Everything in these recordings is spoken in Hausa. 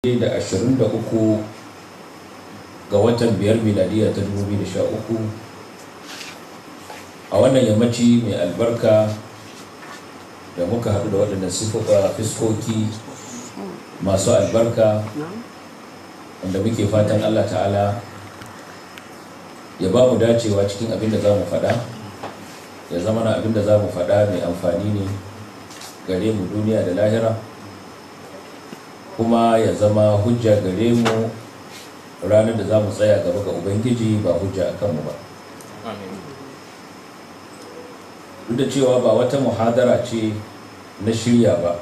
da 23 ga watan biyar miladiya ta 2013 a wannan yammaci mai albarka da muka haɗu da waɗannan sifuka fiskoki masu albarka wanda muke fatan allah ta'ala ya ba mu dacewa cikin abin da za mu faɗa ya zama na abin da za mu faɗa mai amfani ne gare mu duniya da lahira kuma ya zama hujja gare mu ranar da za mu tsaya gaba ga ubangiji ba hujja a kanmu ba duk da cewa ba wata muhadara ce na shirya ba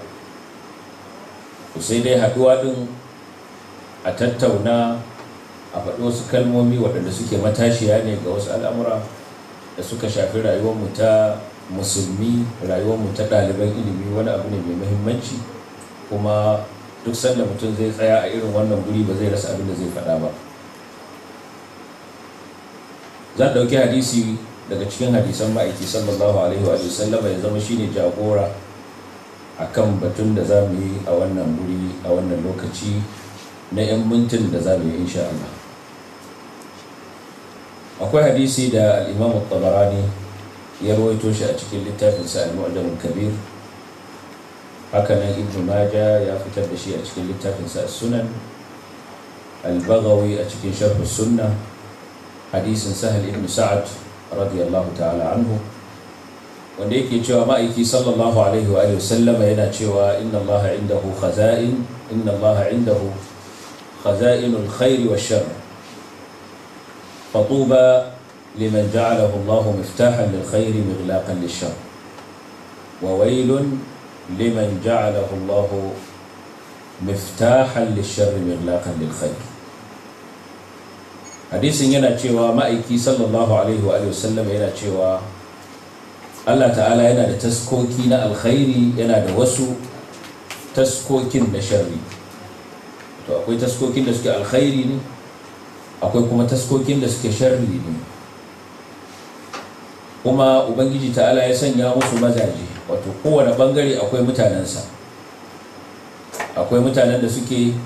ku sai dai haɗuwa ɗin a tattauna a faɗi wasu kalmomi waɗanda suke matashiya ne ga wasu al'amura da suka shafi rayuwarmu ta musulmi rayuwarmu ta ɗaliban ilimi wani abu ne mai muhimmanci kuma duk sanda mutum zai tsaya a irin wannan guri ba zai rasa abin da zai faɗa ba zan ɗauki hadisi daga cikin hadisan ma'aiki sallallahu alaihi wa sallam ya zama shine jagora a kan batun da za mu yi a wannan guri a wannan lokaci na 'yan mintin da za mu yi insha Allah akwai hadisi da al-imam tabarani ya rawaito shi a cikin littafinsa al-mu'jamul kabir هكذا ابن ماجه يا فتر بشيء اشكي لتاكن السنن البغوي اشكي شرح السنه حديث سهل ابن سعد رضي الله تعالى عنه وديك يتشوى مائكي صلى الله عليه واله وسلم هنا تشوى ان الله عنده خزائن ان الله عنده خزائن الخير والشر فطوبى لمن جعله الله مفتاحا للخير مغلاقا للشر وويل liman ja'alahu Allah miftahan lisharri mirlaqan lil khair hadisin yana cewa ma'aiki sallallahu alaihi wa sallam yana cewa Allah ta'ala yana da taskoki na alkhairi yana da wasu taskokin na sharri to akwai taskokin da suke alkhairi ne akwai kuma taskokin da suke sharri ne kuma ubangiji ta'ala ya sanya wasu mazaje wato kowane bangare akwai mutanensa akwai mutanen da suke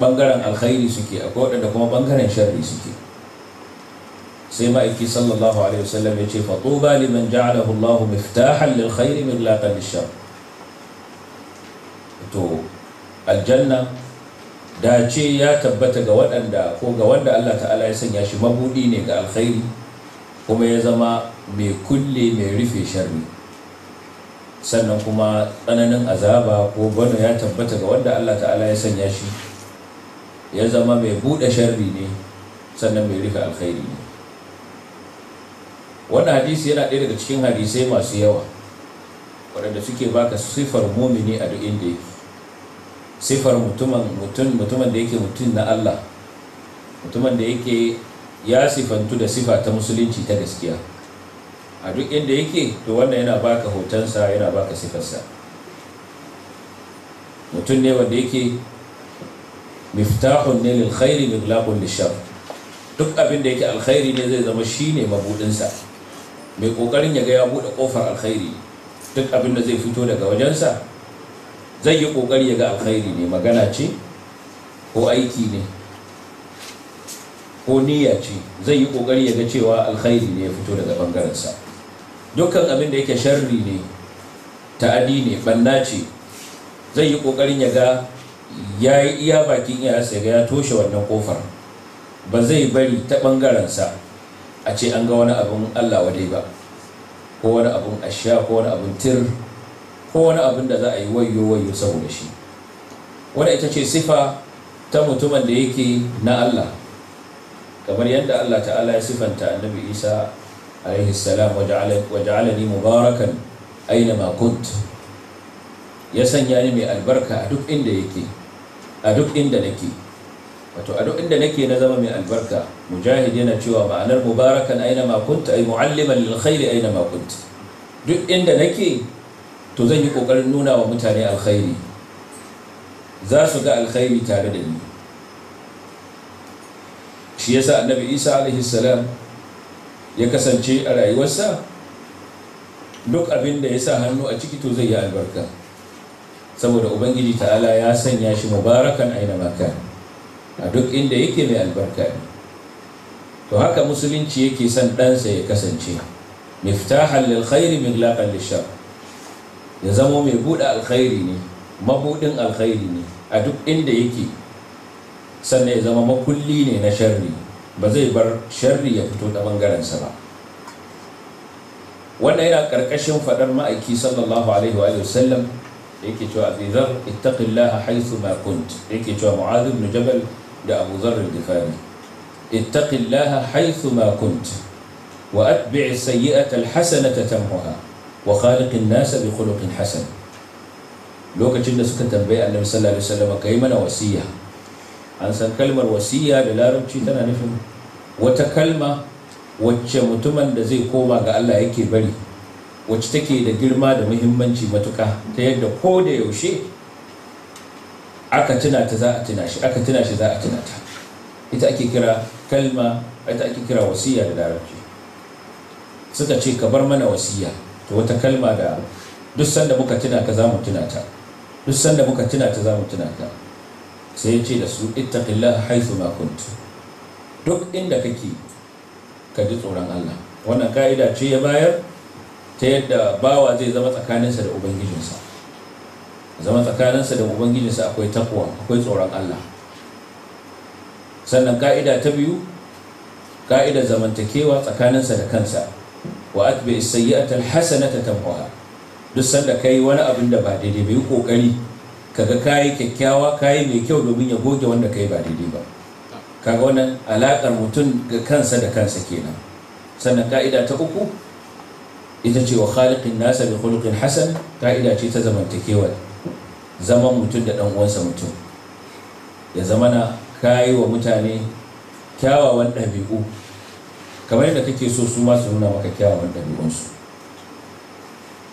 bangaren alkhairi suke akwai waɗanda kuma bangaren sharri suke sai ma'aiki sallallahu alaihi wasallam ya ce fatuba liman ja'alahu Allah miftahan lil khairi min laqan shar to aljanna dace ya tabbata ga waɗanda ko ga wanda Allah ta'ala ya sanya shi mabudi ne ga alkhairi kuma ya zama mai kulle mai rufe sharri sannan kuma tsananin azaba ko bano ya tabbata ga wanda Allah ta'ala ya sanya shi ya zama mai buɗe sharri ne sannan mai rika alkhairi ne wannan hadisi yana ɗaya daga cikin hadisai masu yawa waɗanda suke baka sifar mumini a duk inda yake sifar mutumin da yake mutum na Allah mutumin da yake ya sifantu da sifa ta musulunci ta gaskiya a duk inda yake to wannan yana baka hotonsa yana baka sifarsa mutum ne wanda yake miftahun ne lil khairi miglaqun shar duk abin da yake alkhairi ne zai zama shine mabudinsa mai kokarin ya ga ya bude kofar alkhairi duk abin da zai fito daga wajensa zai yi kokari ya ga alkhairi ne magana ce ko aiki ne ko niyya ce zai yi kokari ya ga cewa alkhairi ne ya fito daga bangarensa dukkan abin da yake sharri ne ta'adi ne banna ce zai yi kokarin ya ga ya yi iya bakin sai ga ya toshe wannan kofar ba zai bari ta bangarensa a ce an ga wani abin allah wadai ba ko wani abin Ashiya ko wani abin tir ko wani abin da za a yi wayo wayo saboda shi wanda ita ce sifa ta mutumin da yake na allah kamar yadda allah ta'ala ya sifanta annabi isa عليه السلام وجعل وجعلني مباركا أينما كنت يسني أنا البركة أدوك إند يكي أدوك إند نكي wato a duk inda nake na zama mai albarka mujahid yana cewa ma'anar mubarakan aina ma kunt ay mualliman lil aina ma duk inda nake to zan yi ƙoƙarin nuna wa mutane alkhairi za su ga alkhairi tare da ni shi yasa annabi isa ya kasance a rayuwarsa duk abin da ya sa hannu a ciki to zai yi albarka saboda ubangiji ta'ala ya sanya shi mubarakan aina maka a duk inda yake mai albarka ne to haka musulunci yake son ɗansa ya kasance miftahan lil khairi miglaqan lishar ya zamo mai buɗe alkhairi ne mabuɗin alkhairi ne a duk inda yake sannan ya zama makulli ne na sharri ba zai bar sharri ya fito ta ɓangarensa ba wannan yana ƙarƙashin faɗar ma'aiki sallallahu alaihi wa sallam yake cewa abi zar ittaqillaha haythu ma kunt yake cewa mu'adh ibn jabal da abu zar al-ghifari ittaqillaha haythu ma kunt wa atbi' as-sayyi'ata al-hasanata tamhuha wa khaliq an-nas bi khuluqin hasan lokacin da suka tambayi annabi sallallahu alaihi sallam kai mana wasiya an san kalmar wasiya da larabci tana nufin wata kalma wacce mutumin da zai koma ga Allah yake bari wacce take da girma da muhimmanci matuka ta yadda ko da yaushe aka tuna ta za a tuna shi aka tuna shi za a tuna ta ita ake kira kalma ita ake kira wasiya da larabci suka ce ka bar mana wasiya to wata kalma da duk sanda muka tuna ka za mu tuna ta duk sanda muka tuna ta za mu tuna ta sai ce da su ittaqillaha haythu ma kunt duk inda kake ka ji tsoron Allah wannan ka'ida ce ya bayar ta yadda bawa zai zama tsakaninsa da ubangijinsa zama tsakaninsa da ubangijinsa akwai takwa akwai tsoron Allah sannan ka'ida ta biyu Ka'ida zamantakewa tsakaninsa da kansa wa atbi sayyi'atal hasanata tamhuha duk sanda kai wani abin da ba daidai bai kokari kaga kayi kyakkyawa kayi mai kyau domin ya goge wanda kai ba daidai ba kaga wannan alakar mutum ga kansa da kansa kenan sannan ka'ida ta uku ita ce wa khaliqin nasa bi khuluqin hasan ka'ida ce ta zamantakewa zaman mutum da dan uwansa mutum ya zamana kayi wa mutane kyawawan ɗabi'u kamar yadda kake so su ma su nuna maka kyawawan ɗabi'unsu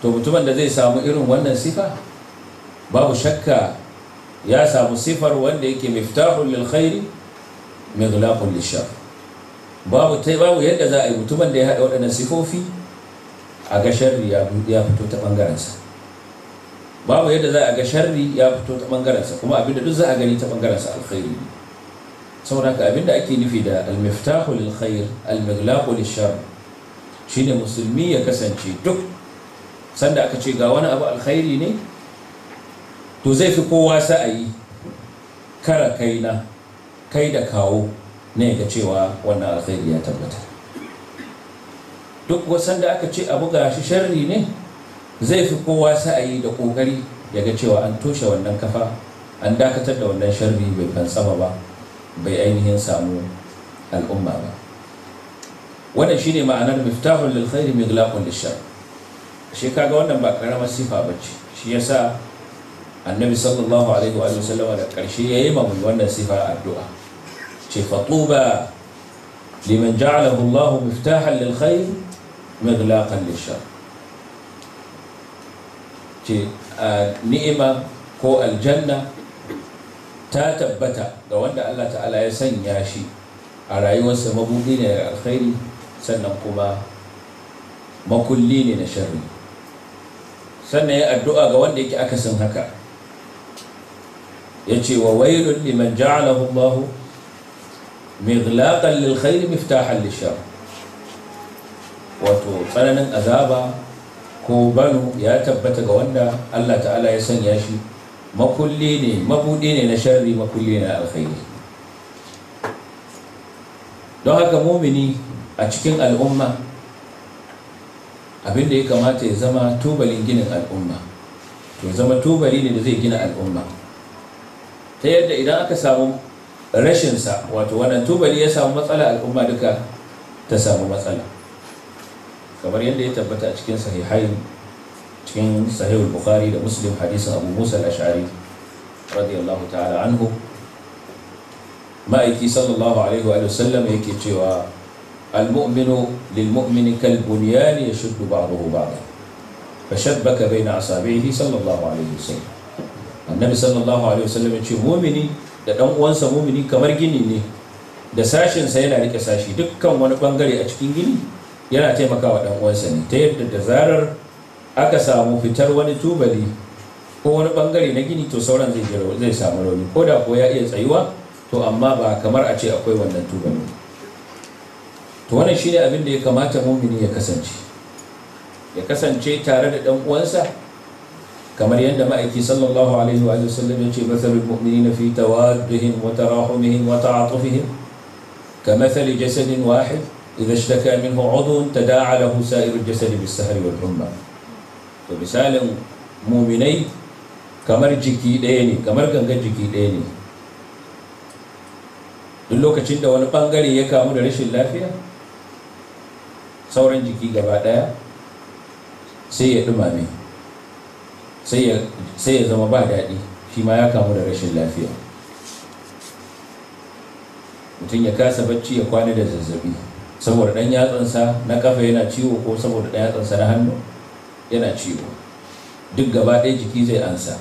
to mutumin da zai samu irin wannan sifa babu shakka ya samu sifar wanda yake Miftahun lil khairi lil shar babu tai babu yadda za a yi mutumin da ya hada waɗannan sifofi a ga sharri ya ya fito ta bangaren sa babu yadda za a ga sharri ya fito ta bangaren sa kuma abinda duk za a gani ta bangaren sa alkhairi ne saboda ka abinda ake nufi da al-miftahu lil khair al-mighlaqu lil shar shine musulmi ya kasance duk sanda aka ce ga wani abu alkhairi ne to zai fi kowa sa'ayi kara kai na kai da kawo ne ga cewa wannan alkhairi ya tabbata duk wasan da aka ce abu shi sharri ne zai fi kowa sa'ayi da kokari ya ga cewa an toshe wannan kafa an dakatar da wannan sharri bai fansama ba bai ainihin samu al'umma ba wannan shi ne ma'anar miftahun lil khairi miglaqun lishar shi kaga wannan ba karamar sifa bace shi yasa annabi sallallahu alaihi wa sallam da karshe yayi ma mai wannan a addu'a ce fatuba liman ja'alahu Allah miftahan lil khair maghlaqan shar ce ni'ima ko aljanna ta tabbata ga wanda Allah ta'ala ya sanya shi a rayuwarsa mabudi ne da alkhairi sannan kuma makulli ne na sharri sannan ya addu'a ga wanda yake akasin haka Ya ce wa wailul liman ja'alahu Allah mighlaqan lil khair miftahan lishar wato tsananin azaba ko banu ya tabbata ga wanda Allah ta'ala ya sanya shi makulli ne mabudi ne na sharri makulli ne na alkhairi don haka mumini a cikin al'umma abinda ya kamata ya zama tubalin ginin al'umma to zama tubali ne da zai gina al'umma ta yadda idan aka samu rashinsa wato wannan tubali ya samu matsala al'umma duka ta samu matsala kamar yadda ya tabbata a cikin sahihai cikin sahihul bukhari da muslim hadisin abu musa al-ash'ari radiyallahu ta'ala anhu ma'aiki sallallahu alaihi wa sallam yake cewa المؤمن للمؤمن كالبنيان يشد بعضه بعضا فشبك بين أصابعه sallallahu alaihi wa sallam. annabi sallallahu alaihi wasallam ya ce mumini da dan uwansa mumini kamar gini ne da sashinsa yana rike sashi dukkan wani bangare a cikin gini yana taimakawa dan uwansa ne ta yadda da zarar aka samu fitar wani tubali ko wani bangare na gini to sauran zai zai samu rauni ko da ko ya iya tsayuwa to amma ba kamar a ce akwai wannan tubali to wannan shine abin da ya kamata mumini ya kasance ya kasance tare da dan uwansa كما يندم أيتي صلى الله عليه وآله وسلم يجي مثل المؤمنين في توادهم وتراحمهم وتعاطفهم كمثل جسد واحد إذا اشتكى منه عضو تداعى له سائر الجسد بالسهر والحمى فمثال مؤمني كمر ديني كمر كان جيكي ديني دلوك تشد وانا بانغالي يكا مدرش اللافية صورا جيكي قبادا سيئة مامي sai ya zama ba daɗi shi ma ya kamu da rashin lafiya mutum ya kasa bacci ya kwana da zazzabi saboda ɗan yatsansa na kafa yana ciwo ko saboda ɗan yatsansa na hannu yana ciwo duk gaba ɗaya jiki zai ansa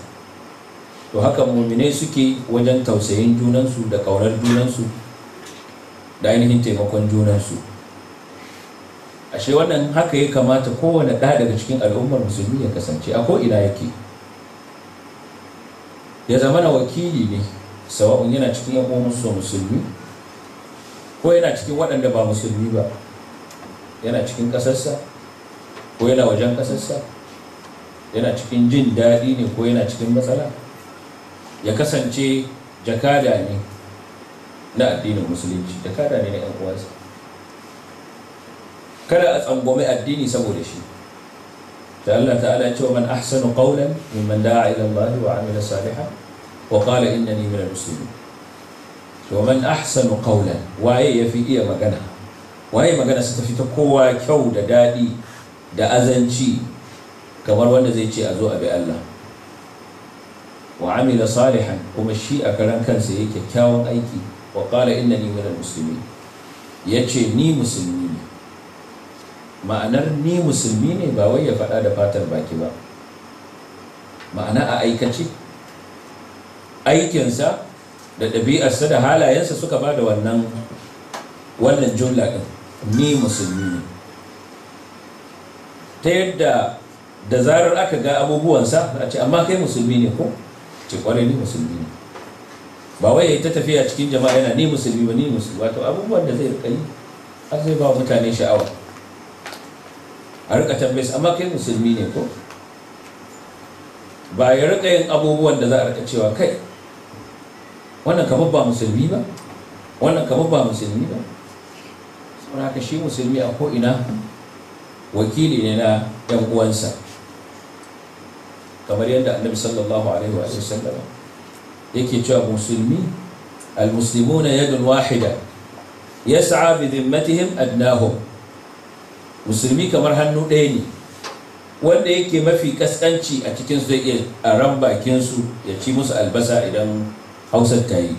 to haka muminai suke wajen tausayin junansu da ƙaunar junansu da ainihin taimakon junansu ashe wannan haka ya kamata kowane ɗaya daga cikin al'ummar musulmi ya kasance a ko'ina yake ya zama na wakili ne sawa'un yana cikin yan musulmi ko yana cikin waɗanda ba musulmi ba yana cikin ƙasarsa ko yana wajen ƙasarsa yana cikin jin daɗi ne ko yana cikin matsala ya kasance jakada ne na addinin musulunci jakada ne na 'yan uwansa kada a tsangwame addini saboda shi da Allah ta'ala ya ce man ahsanu qawlan mimman da'a ila Allah wa amila salihan wa qala innani minal muslimin to man ahsanu qawlan waye yafi iya magana waye magana su tafi ta kowa kyau da dadi da azanci kamar wanda zai ce a zo a bi Allah wa amila salihan kuma shi a karan kansa yake kyakkyawan aiki wa qala innani minal muslimin yace ni musulmi ma'anar ni musulmi ne ba wai ya faɗa da fatar baki ba ma'ana a aikace aikinsa da ɗabi'arsa da halayensa suka ba da wannan wannan jumla ɗin ni musulmi ne ta yadda da zarar aka ga abubuwansa a ce amma kai musulmi ne ko ce kwarai ni musulmi ne ba wai ya ta tafiya cikin jama'a yana ni musulmi ba ni musulmi wato abubuwan da zai rika yi har zai ba mutane sha'awa a rika tambaye su amma kai musulmi ne ko ba ya rika yin abubuwan da za a rika cewa kai wannan kamar ba musulmi ba wannan kamar ba musulmi ba saboda haka shi musulmi a ko'ina wakili ne na yan uwansa kamar yadda annabi sallallahu alaihi wa sallam yake cewa musulmi al-muslimuna yadun wahida yas'a bi dhimmatihim adnahum musulmi kamar hannu ɗaya ne wanda yake mafi kaskanci a cikin zai iya a ran bakin ya ci musu albasa idan hausar ta yi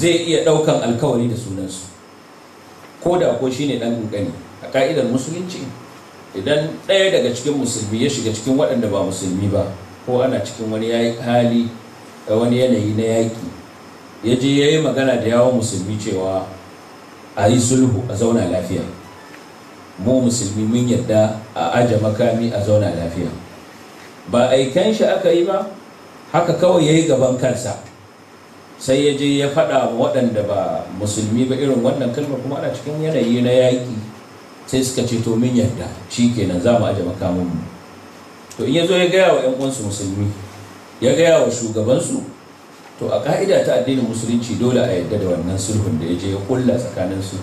zai iya ɗaukan alkawari da sunansu ko da ko shine ɗan ƙanƙani a ka'idar musulunci idan ɗaya daga cikin musulmi ya shiga cikin waɗanda ba musulmi ba ko ana cikin wani hali da wani yanayi na yaƙi ya je ya yi magana da yawon musulmi cewa a yi sulhu a zauna lafiya mu musulmi mun yadda a aje makami a zauna lafiya ba aikan shi aka yi ba haka kawai ya yi gaban kansa sai ya je ya faɗa wa waɗanda ba musulmi ba irin wannan kalmar kuma ana cikin yanayi na yaki sai suka ce to mun yadda shi kenan za mu aje makamin mu to in ya zo ya gaya wa 'yan uwansu musulmi ya gaya wa shugabansu to a ka'ida ta addinin musulunci dole a yadda da wannan sulhun da ya je ya kulla tsakaninsu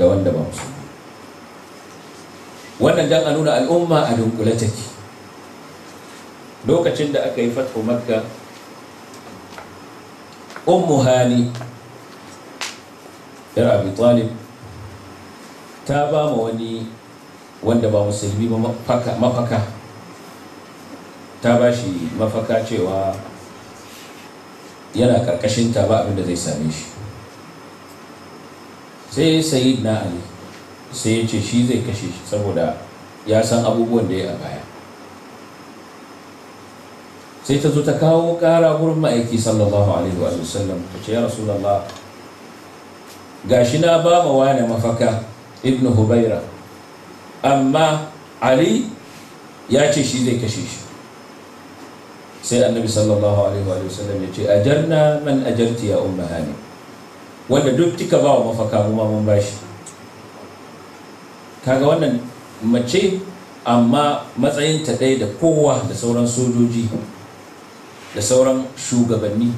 da wanda ba musulmi wannan dan a nuna al'umma a dunkule take lokacin da aka yi fatko makka ummu Hali yar abi talib ta ba ma wani wanda ba musulmi ba mafaka ta ba shi mafaka cewa yana karkashin ta ba abinda zai same shi sai sayid na ali sai ya ce shi zai kashe shi saboda ya san abubuwan da ya a baya sai ta zo ta kawo ƙara wurin ma'aiki sallallahu alaihi wa sallam ta ce ya rasulallah gashi na ba ma wane mafaka ibnu hubaira amma ali ya ce shi zai kashe shi sai annabi sallallahu alaihi wa sallam ya ce ajarna man ajarti ya umma hani wanda duk kika ba wa mafaka mu ma mun bashi kaga wannan mace amma matsayin ta ɗaya da kowa da sauran sojoji da sauran shugabanni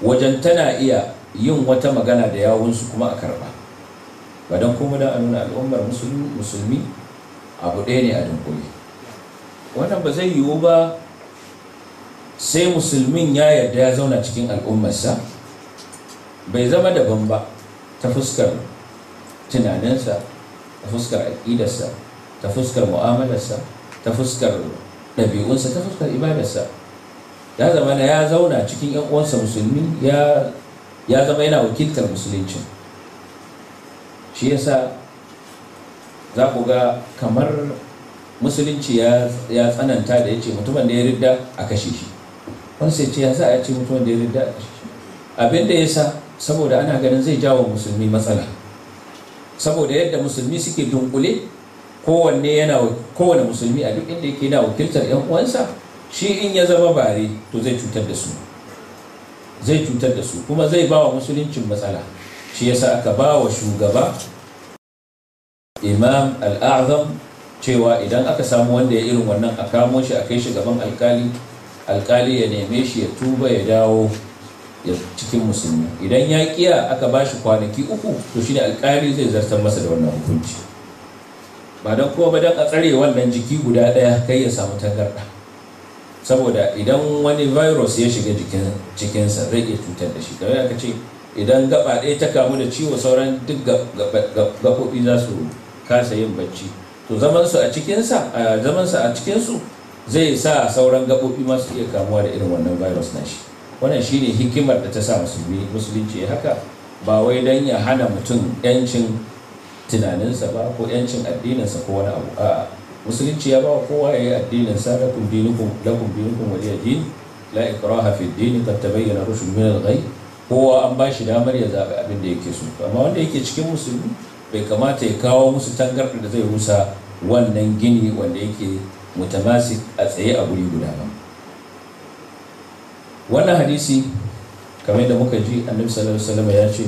wajen tana iya yin wata magana da yawunsu kuma a karba ba don kuma da a nuna al'ummar musulmi abu ɗaya ne a dunkule wannan ba zai yiwu ba sai musulmin ya yarda ya zauna cikin al'ummarsa bai zama daban ba ta fuskar tunaninsa ta fuskar aƙidarsa ta fuskar mu'amalarsa ta fuskar ɗabi'unsa ta fuskar ibadarsa ya zama na ya zauna cikin yan uwansa musulmi ya ya zama yana wakiltar musulunci shi yasa za ku ga kamar musulunci ya tsananta da ya ce mutumin da ya ridda a kashe shi wani sai ce ya sa a ce mutumin da ya ridda a kashe shi abin da ya sa saboda ana ganin zai jawo musulmi matsala saboda yadda musulmi suke dunkule kowanne yana kowane musulmi a duk inda yake yana wakiltar yan uwansa shi in ya zama bare to zai cutar da su zai cutar da su kuma zai ba wa musuluncin matsala shi yasa aka ba wa shugaba imam al'azam cewa idan aka samu wanda ya irin wannan a kamo shi a kai shi gaban alkali alkali ya neme shi ya tuba ya dawo cikin musulmi idan ya kiya aka ba shi kwanaki uku to shi ne alkali zai zartar masa da wannan hukunci ba don kuma ba don a tsare wannan jiki guda ɗaya kai ya samu tangarɗa saboda idan wani virus ya shiga cikinsa zai iya cutar da shi kamar aka ce idan gaba ɗaya ta kamu da ciwo sauran duk gaɓoɓi za su kasa yin bacci to zamansu a cikinsa a su a cikinsu zai sa sauran gaɓoɓi masu iya kamuwa da irin wannan virus na shi wannan shine hikimar da ta sa musulmi musulunci haka ba wai don ya hana mutum yancin tunaninsa ba ko yancin addininsa ko wani abu A'a musulunci ya ba wa kowa ya yi addininsa da dinukum lakum dinukum waliya din la ikraha fi din qad tabayyana rushd min al kowa an ba shi damar ya zaɓi abin da yake so amma wanda yake cikin musulmi bai kamata ya kawo musu tangarɗa da zai rusa wannan gini wanda yake mutamasik a tsaye a guri guda ba wannan hadisi kamar yadda muka ji annabi sallallahu alaihi wasallam ya ce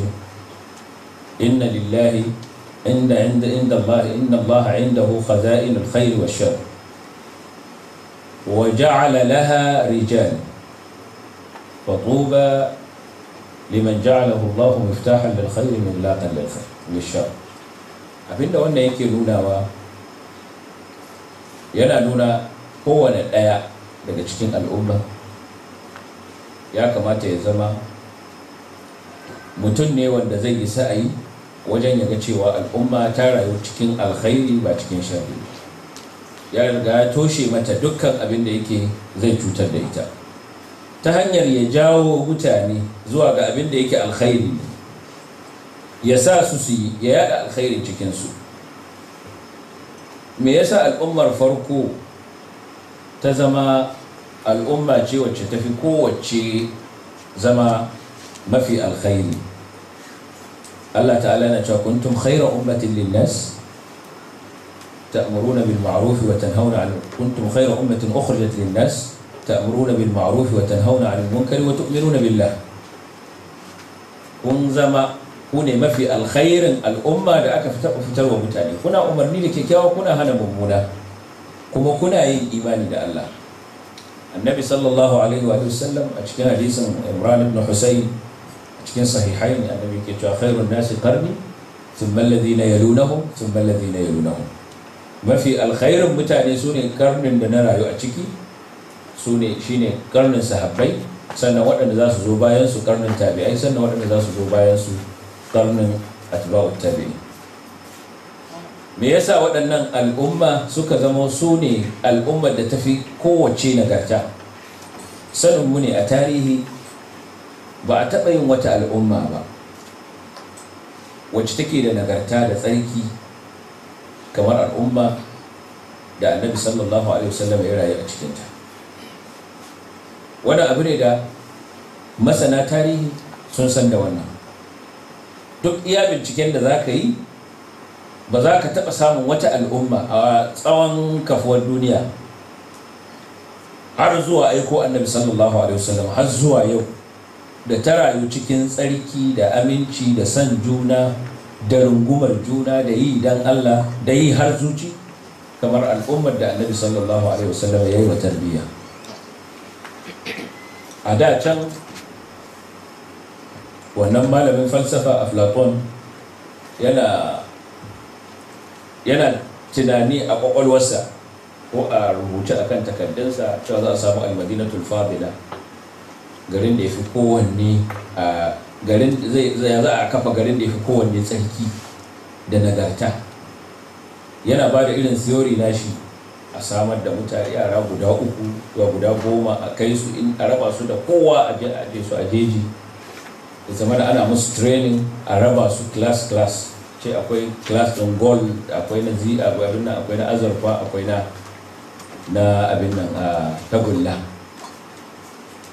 inna lillahi inda inda inda Allah inna Allah indahu khaza'in al-khair wa shar wa ja'ala laha rijal fa tuba liman ja'alahu Allah miftahan lil khair min laqan lil khair min shar abinda wannan yake nunawa yana nuna kowane daya daga cikin al'umma ya kamata ya zama mutum ne wanda zai yi sa'ayi wajen yaga cewa al'umma ta rayu cikin alkhairi ba cikin shari ya riga ya toshe mata dukkan abin da yake zai cutar da ita ta hanyar ya jawo mutane zuwa ga abin da yake alkhairi ya sa su su yi ya yada alkhairi cikinsu me yasa al'ummar farko ta zama الأمة جي وتشتفكو وتشي زما ما في الخير الله تعالى نتا كنتم خير أمة للناس تأمرون بالمعروف وتنهون عن كنتم خير أمة أخرجت للناس تأمرون بالمعروف وتنهون عن المنكر وتؤمنون بالله كن زما كون ما في الخير الأمة دعك فتر وبتاني كنا أمرني لكي كنا هنا ممونة كما كنا إيمان لله الله annabi sallallahu alaihi wa sallam a cikin hadisin imran ibn husayn a cikin sahihain annabi ke cewa khairun nasi qarni thumma alladhina yalunahum thumma alladhina yalunahum mafi alkhairin mutane sune karnin da na rayu a ciki sune shine karnin sahabbai sannan waɗanda za su zo bayan su karnin tabi'ai sannan waɗanda za su zo bayan su karnin atba'ut tabi'in me yasa waɗannan al'umma suka zama su ne al'ummar da tafi kowace nagarta saninmu ne a tarihi ba a taɓa yin wata al'umma ba wacce take da nagarta da tsarki kamar al'umma da annabi sallallahu alaihi wasallam ya rayu a cikinta wani abu ne da masana tarihi sun san da wannan duk iya binciken da za ka yi ba za ka taɓa samun wata al'umma a tsawon kafuwar duniya har zuwa aiko annabi sallallahu alaihi wasallam har zuwa yau da ta rayu cikin tsarki da aminci da san juna da rungumar juna da yi dan Allah da yi har zuci kamar al'ummar da annabi sallallahu alaihi wasallam ya yi wa tarbiyya a da can wannan malamin falsafa aflaton yana yana tunani a kwakwalwarsa ko a rubuce a kan takardunsa cewa za a samu almadinatul fadila garin da ya fi kowanne a garin zai za a kafa garin da ya fi kowanne tsarki da nagarta yana ba da irin theory shi a samar da mutane yara guda uku zuwa guda goma a kai su in a raba su da kowa a je su a jeji da zama da ana musu training a raba su class class ce akwai glass ɗin gold akwai na zi abin na azurfa akwai na na abin nan a tagulla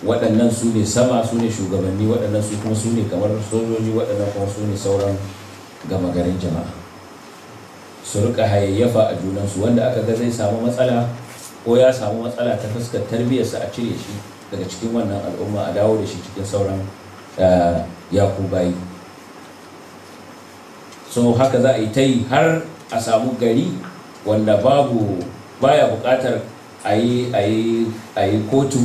waɗannan su ne sama su ne shugabanni waɗannan su kuma su ne kamar sojoji waɗannan kuma su ne sauran gama garin jama'a su rika hayayyafa a junansu wanda aka ga zai samu matsala ko ya samu matsala ta fuskar tarbiyyarsa a cire shi daga cikin wannan al'umma a dawo da shi cikin sauran yakubayi so haka za a yi ta yi har a samu gari wanda babu baya bukatar a yi kotu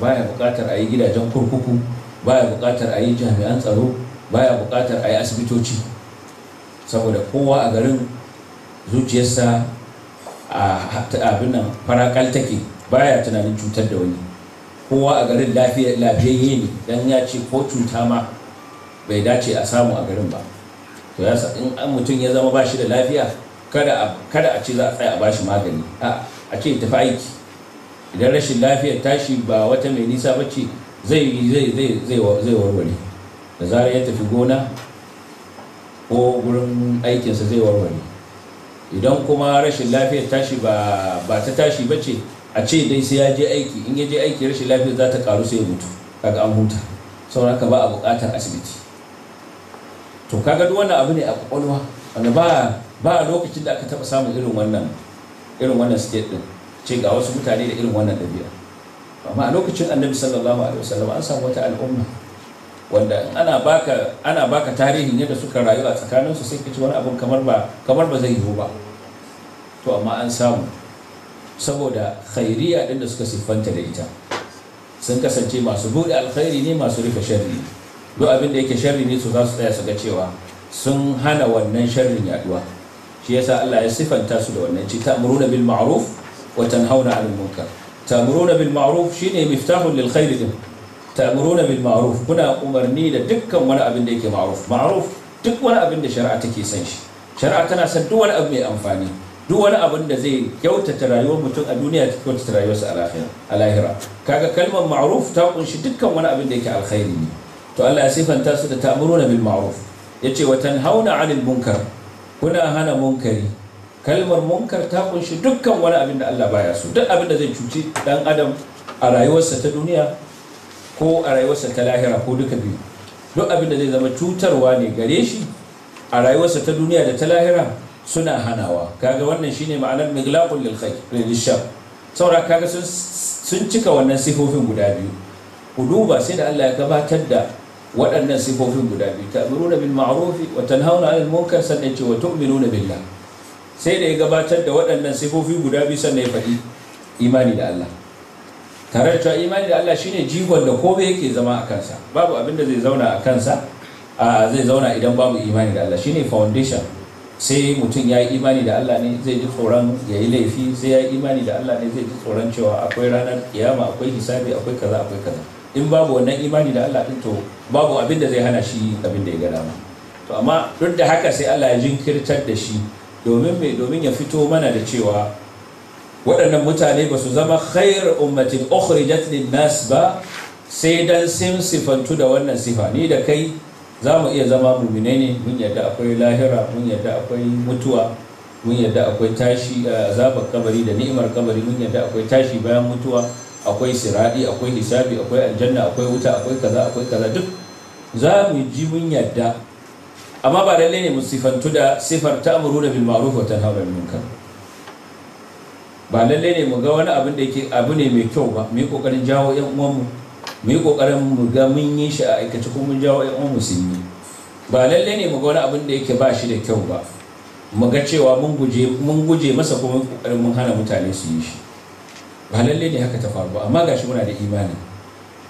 baya buƙatar a yi gidajen kurkuku baya buƙatar a yi jami'an tsaro baya buƙatar a yi asibitoci saboda kowa a garin zuciyarsa a abin nan farakal take baya tunanin cutar da wani kowa a garin lafiyayye ne don ya ce ko cuta ma bai dace a samu a garin ba to ya in an mutum ya zama bashi da lafiya kada a kada a ce za a tsaya a bashi magani a a ce tafi aiki idan rashin lafiyar tashi ba wata mai nisa ba ce zai zai zai zai zai warware da zarar ya tafi gona ko gurin aikinsa zai warware idan kuma rashin lafiyar tashi ba ba ta tashi ba a ce dai sai ya je aiki in ya je aiki rashin lafiyar za ta karu sai ya mutu kaga an huta saboda haka ba a bukatar asibiti to kaga duk wannan abu ne a kwakwalwa wanda ba ba lokacin da aka taba samun irin wannan irin wannan state din ce ga wasu mutane da irin wannan dabi'a amma a lokacin annabi sallallahu alaihi wasallam an samu wata al'umma wanda ana baka ana baka tarihin yadda suka rayu a tsakanin su sai kici wani abu kamar ba kamar ba zai yiwu ba to amma an samu saboda khairiya din da suka siffanta da ita sun kasance masu bude alkhairi ne masu rufe sharri duk abin da yake sharri ne su za su tsaya su ga cewa sun hana wannan sharrin yaduwa shi yasa Allah ya sifanta su da wannan ci ta'muruna bil ma'ruf wa tanhauna 'anil munkar ta'muruna bil ma'ruf shine miftahul lil khair din ta'muruna bil ma'ruf kuna umarni da dukkan wani abin da yake ma'ruf ma'ruf duk wani abin da shari'a take son shi shari'a tana son duk wani abu mai amfani duk wani abin da zai kyautata rayuwar mutum a duniya ta kyautata rayuwarsa a lahira kaga kalmar ma'ruf ta kunshi dukkan wani abin da yake alkhairi ne to Allah ya sifanta su da ta'muruna bil ma'ruf yace wa tanhauna 'anil munkar kuna hana munkari kalmar munkar ta kunshi dukkan wani abin da Allah baya so duk abin da zai cuci dan adam a rayuwarsa ta duniya ko a rayuwarsa ta lahira ko duka biyu duk abin da zai zama cutarwa ne gare shi a rayuwarsa ta duniya da ta lahira suna hanawa kaga wannan shine ma'anar miglaqul lil khair lil shar saura kaga sun cika wannan sifofin guda biyu ku duba sai da Allah ya gabatar da waɗannan sifofin guda biyu na bin ma'arufi wa hauna 'anil munkar sannan ce wa tu'minuna billah sai da ya gabatar da waɗannan sifofi guda biyu sannan ya faɗi imani da Allah tare da imani da Allah shine jigon da kome yake zama a kansa babu abin da zai zauna a kansa a zai zauna idan babu imani da Allah shine foundation sai mutum ya yi imani da Allah ne zai ji tsoron ya yi laifi sai ya yi imani da Allah ne zai ji tsoron cewa akwai ranar kiyama akwai hisabi akwai kaza akwai kaza in babu wannan imani da Allah din to babu abin da zai hana shi abin da ya gada ma to amma duk da haka sai Allah ya jinkirtar da shi domin mai domin ya fito mana da cewa waɗannan mutane ba su zama khair ummatin ukhrijat lin nas ba sai dan sun sifantu da wannan sifa ni da kai za mu iya zama muminai ne mun yadda akwai lahira mun yadda akwai mutuwa mun yadda akwai tashi eh, azabar kabari da ni'imar kabari mun yadda akwai tashi bayan mutuwa akwai siradi akwai hisabi akwai aljanna akwai wuta akwai kaza akwai kaza duk za mu ji mun yadda amma ba lalle ne mu sifantu da sifar da bil ma'ruf wa tanha 'anil munkar ba lalle ne mu ga wani abin da yake abu ne mai kyau ba mu yi kokarin jawo yan uwan mu yi kokarin mu ga mun yi shi a aikace ko mun jawo yan mu sun yi ba lalle ne mu ga wani abin da yake ba shi da kyau ba mu ga cewa mun guje masa kuma kokarin mun hana mutane su yi shi ba lalle ne haka ta faru ba amma gashi muna da imani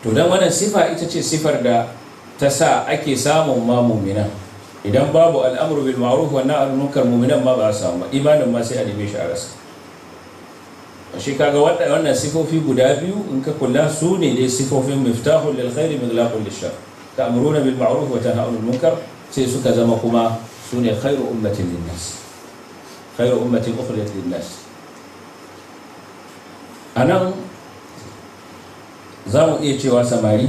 to dan wannan sifa ita ce sifar da ta sa ake samun ma mu'mina idan babu al'amru bil ma'ruf wa anil munkar mu'minan ma ba a samu imanin ma sai a neme shi a rasa shi kaga wannan sifofi guda biyu in ka kula su ne dai sifofin miftahul lil khairi miglaqul lishar ta'muruna bil ma'ruf wa tanhauna 'anil munkar sai suka zama kuma sune khairu ummatin linnas khairu ummatin ukhrijat linnas a nan za mu iya cewa samari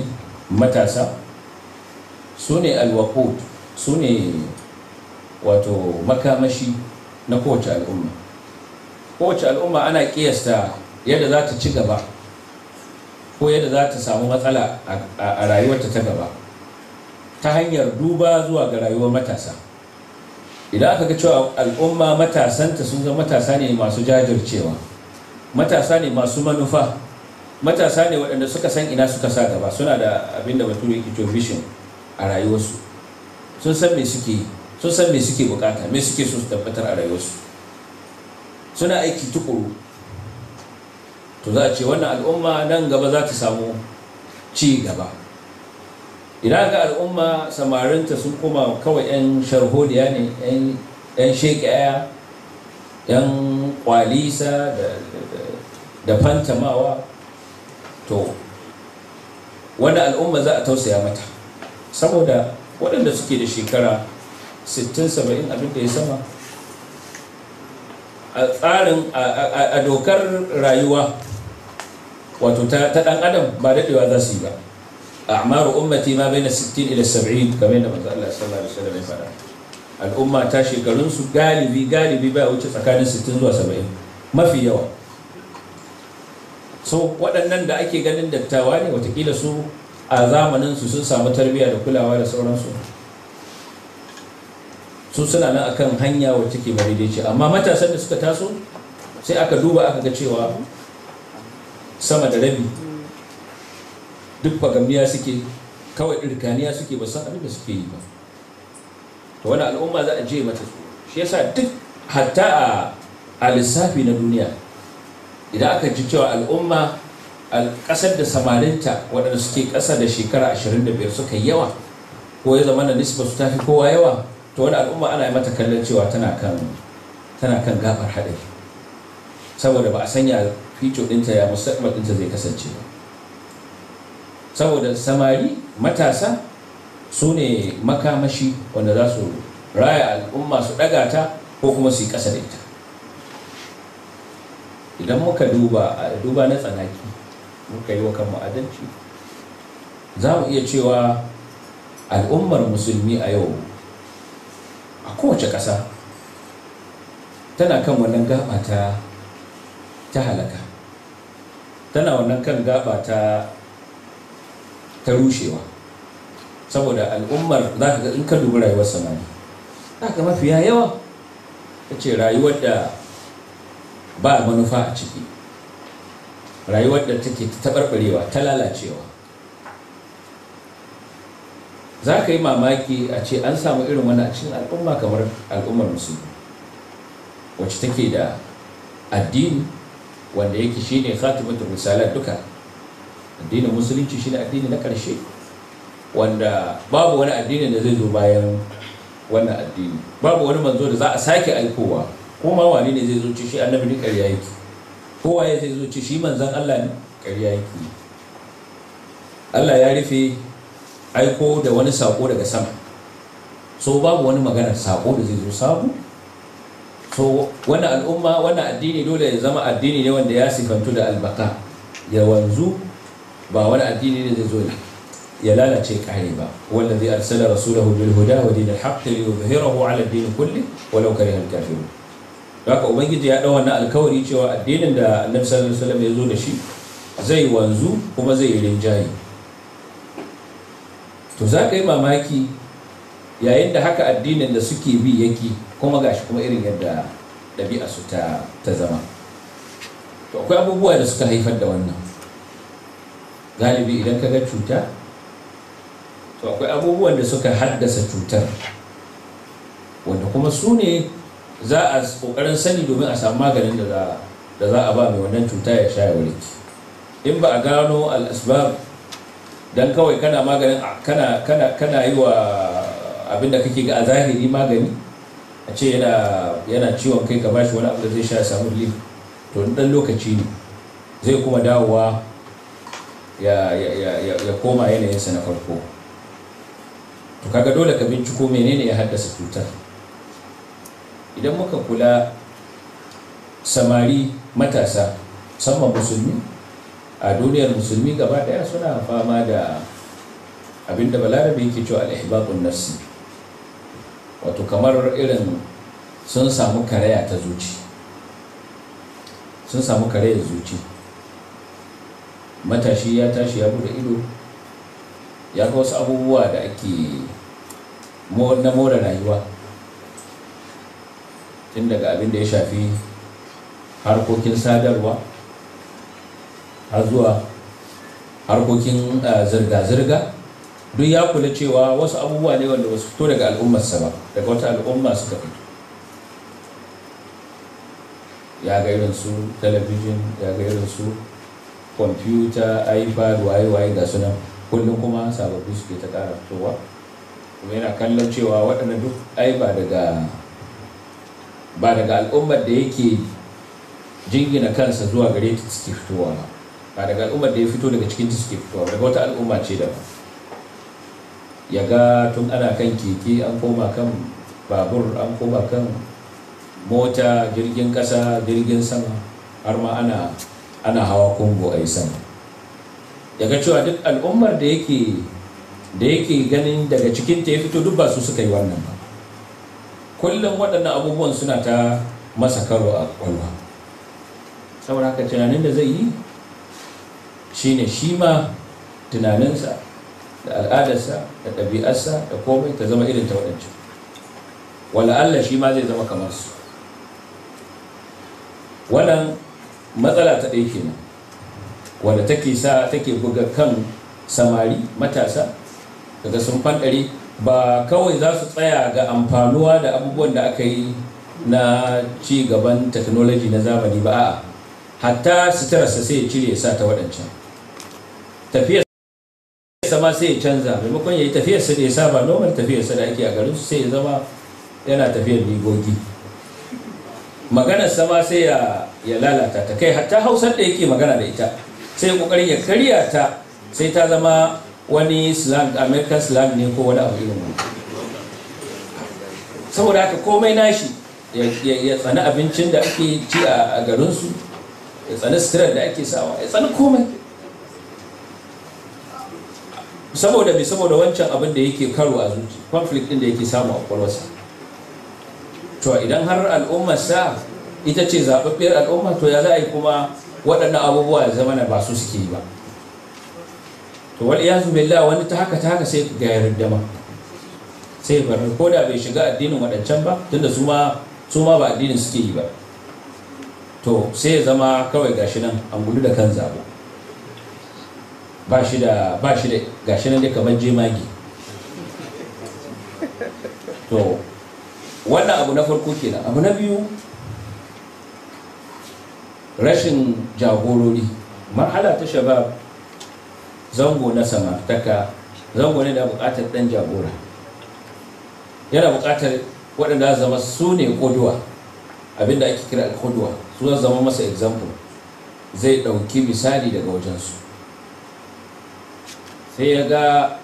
matasa su ne alwakot su ne wato makamashi na kowace al'umma kowace al'umma ana kiyasta yadda za ta ci gaba ko yadda za ta samu matsala a rayuwarta ta gaba ta hanyar duba zuwa ga rayuwar matasa idan aka ga cewa al'umma matasanta sun zama matasa ne masu jajircewa matasa ne masu manufa matasa ne waɗanda suka san ina suka sa gaba suna da abin da mutum yake to vision a rayuwarsu sun san me suke sun san me suke bukata me suke so su tabbatar a rayuwarsu suna aiki tukuru to za a ce wannan al'umma nan gaba za ta samu ci gaba idan ga al'umma samarinta sun koma kawai 'yan sharhodiya ne 'yan sheƙaya 'yan kwalisa da da fantamawa to wanda al'umma za a tausaya mata saboda waɗanda suke da shekara 60-70 abin ya sama a tsarin a dokar rayuwa wato ta ɗan adam ba daɗewa za su yi ba a amaru ummati ma bai na 60 ila 70 kamar yadda masu Allah sallallahu alaihi wasallam ya faɗa al'umma ta shekarunsu galibi galibi ba wuce tsakanin 60 zuwa 70 mafi yawa so waɗannan da ake ganin dattawa ne watakila su a zamanin su sun samu tarbiyya da kulawa da sauransu su suna nan akan hanya wacce ke ce amma matasan da suka taso sai aka duba aka ga cewa sama da rabi duk fagamiya suke kawai irkaniya suke ba san abin da suke yi ba to wani al'umma za a je mata shi yasa duk hatta a lissafi na duniya idan aka ji cewa al'umma ƙasar da samarinta waɗanda suke ƙasa da shekara 25 suka yawa ko ya zama na nisba su tafi kowa yawa to wani al'umma ana mata kallon cewa tana kan gafar haɗari saboda ba a sanya fito ɗinta ya musamman ɗinta zai kasance ba saboda samari matasa su ne makamashi wanda za su raya al'umma su ɗaga ta ko kuma su yi ƙasa da ita idan muka duba a duba na tsanaki muka yi wa kanmu adalci za mu iya cewa al'ummar musulmi a yau a kowace ƙasa tana kan wannan gaba ta ta halaka tana wannan kan gaba ta ta rushewa saboda al'ummar za ka ga in ka dubi rayuwar samani za ka mafiya yawa ta ce rayuwar da ba manufa a ciki rayuwar da take taɓarɓarewa ta lalacewa za ka yi mamaki a ce an samu irin wani a cikin al'umma kamar al'ummar musulmi wacce take da addini wanda yake zata khatimatul risalat duka addinin musulunci shi ne addini na ƙarshe wanda babu wani addini da zai zo bayan wannan addini babu wani manzo da za a sake aikowa ko ma wani ne zai zo ci shi annabi ne ƙarya yake kowa ya zai zo ci shi manzan Allah ne ƙarya yake Allah ya rufe aiko da wani sako daga sama so babu wani magana sako da zai zo sabu so wani al'umma wani addini dole ya zama addini ne wanda ya sifantu da albaka ya wanzu ba wani addini ne zai zo ya lalace kare ba wanda zai arsala rasulahu bil huda wa dinil haqq li yuzhirahu ala ad-din kulli walau karihal kafirun haka ubangiji ya ɗau wannan alkawari cewa addinin da annabi sallallahu alaihi wasallam ya zo da shi zai wanzu kuma zai yi rinjaye to za ka yi mamaki yayin da haka addinin da suke bi yake kuma gashi kuma irin yadda ɗabi'a su ta zama to akwai abubuwa da suka haifar da wannan galibi idan ka ga cuta to akwai abubuwan da suka haddasa cutar wanda kuma su ne za a kokarin sani domin a samu maganin da za a ba mai wannan cuta ya sha wuri in ba a gano al'asbab don kawai kana maganin kana yi wa abin da kake ga a zahiri magani a ce yana ciwon kai ka bashi wani abu da zai sha samu lif to dan lokaci ne zai kuma dawowa ya koma yanayinsa na farko to kaga dole ka binciko menene ya haddasa cutar idan muka kula samari matasa musamman musulmi a duniyar musulmi gaba daya suna fama da abinda balarabe yake cewa al'ihbabun nafsi wato kamar irin sun samu karaya ta zuci sun samu karayar zuci matashi ya tashi ya bude ido ya ga wasu abubuwa da ake na more rayuwa tun daga abin da ya shafi harkokin sadarwa har zuwa harkokin eh, zirga-zirga duk ya kula cewa wasu abubuwa ne wanda wasu fito daga al'ummarsa ba daga wata al'umma suka fito ya ga irin su talabijin ya ga irin su kwamfuta ipad waye-waye ga sunan kullum kuma sababbi suke ta kara fitowa kuma yana kallon cewa waɗanda duk ai ba daga ba daga al'ummar da yake jingina kansa zuwa gare ta suke fitowa ba daga al'ummar da ya fito daga cikin ta suke fitowa daga wata al'umma ce da ya ga tun ana kan keke an koma kan babur an koma kan mota jirgin kasa jirgin sama har ma ana hawa kongo a yi sama ya ga cewa duk al'ummar da yake da yake ganin daga cikin ta ya fito duk ba su suka yi wannan ba kullum waɗannan abubuwan suna ta masa karo a ƙwaƙwalwa saboda haka tunanin da zai yi shi ne shi ma tunaninsa da al'adarsa da ɗabi'arsa da komai ta zama irin ta waɗancan Allah shi ma zai zama kamar su wannan matsala ta ɗaya kenan wadda take sa take buga kan samari matasa daga sun fanɗare ba kawai za su tsaya ga amfanuwa da abubuwan da aka yi na ci gaban technology na zamani ba a'a hatta sitararsa sai ya cire sa ta waɗancan tafiyar sama sai ya canza maimakon ya yi tafiyarsa da ya saba tafiyar tafiyarsa da ake a garin su sai ya zama yana tafiyar ligogi maganar sama sai ya lalata ta kai hatta hausar da yake magana da ita sai kokarin ya karya ta sai ta zama wani slang american slang ne ko wani abu irin wani saboda haka komai nashi ya tsani abincin da ake ci a garinsu ya tsani sitirar da ake sawa ya tsani komai saboda mai saboda wancan abin da yake karo a zuci conflict din da yake samu a kwalwarsa to idan har al'ummar sa ita ce zaɓaɓɓiyar al'umma to ya za a yi kuma waɗannan abubuwa ya zama na ba su suke yi ba to wal iyazu billah wani ta haka ta haka sai ga yarda ba sai bar ko da bai shiga addinin wadancan ba tunda su ma su ma ba addinin suke yi ba to sai ya zama kawai gashi nan an gudu da kan zabo ba shi da ba shi da gashi nan dai kamar jemagi to wannan abu na farko kenan abu na biyu rashin jagorori marhala ta shabab zango na samartaka zango ne da buƙatar ɗan jagora yana buƙatar waɗanda zama su ne koduwa abinda ake kira kuduwa, su zama masa example zai ɗauki misali daga wajensu sai ya ga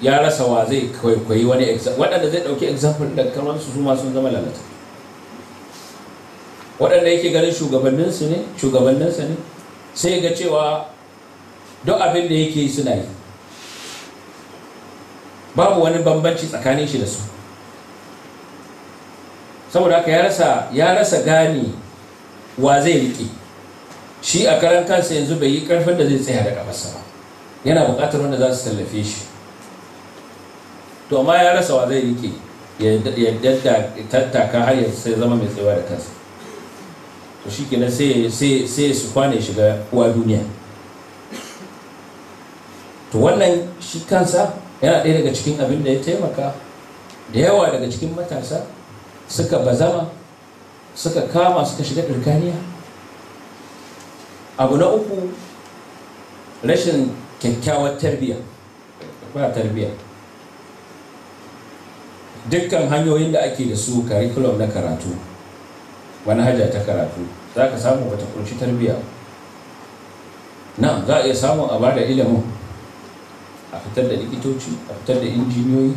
ya rasa wa zai kwaikwayi wani waɗanda zai ɗauki example daga kamar su sun zama lalata waɗanda yake ganin shugabanninsu ne shugabanninsa ne sai ga cewa duk abin da yake yi suna yi babu wani bambanci tsakanin shi da su saboda haka ya rasa ya gane wa zai riƙe shi a karan kansa yanzu bai yi ƙarfin da zai tsaya da ƙafarsa ba yana buƙatar wanda za su tallafe shi to amma ya rasa wa zai riƙe ya tattaka har ya sai zama mai tsayawa da kansa to shi kenan sai su kwane shiga uwa duniya to wannan shi kansa yana ɗaya daga cikin abin da ya taimaka da yawa daga cikin matasa suka bazama suka kama suka shiga ɗirkaniya abu na uku rashin kyakkyawar tarbiyya ba tarbiyya dukkan hanyoyin da ake da su curriculum na karatu wani hajja ta karatu za ka samu wata kunshi tarbiyya na za a iya samun a bada ilimin fitar da likitoci a fitar da injiniyoyi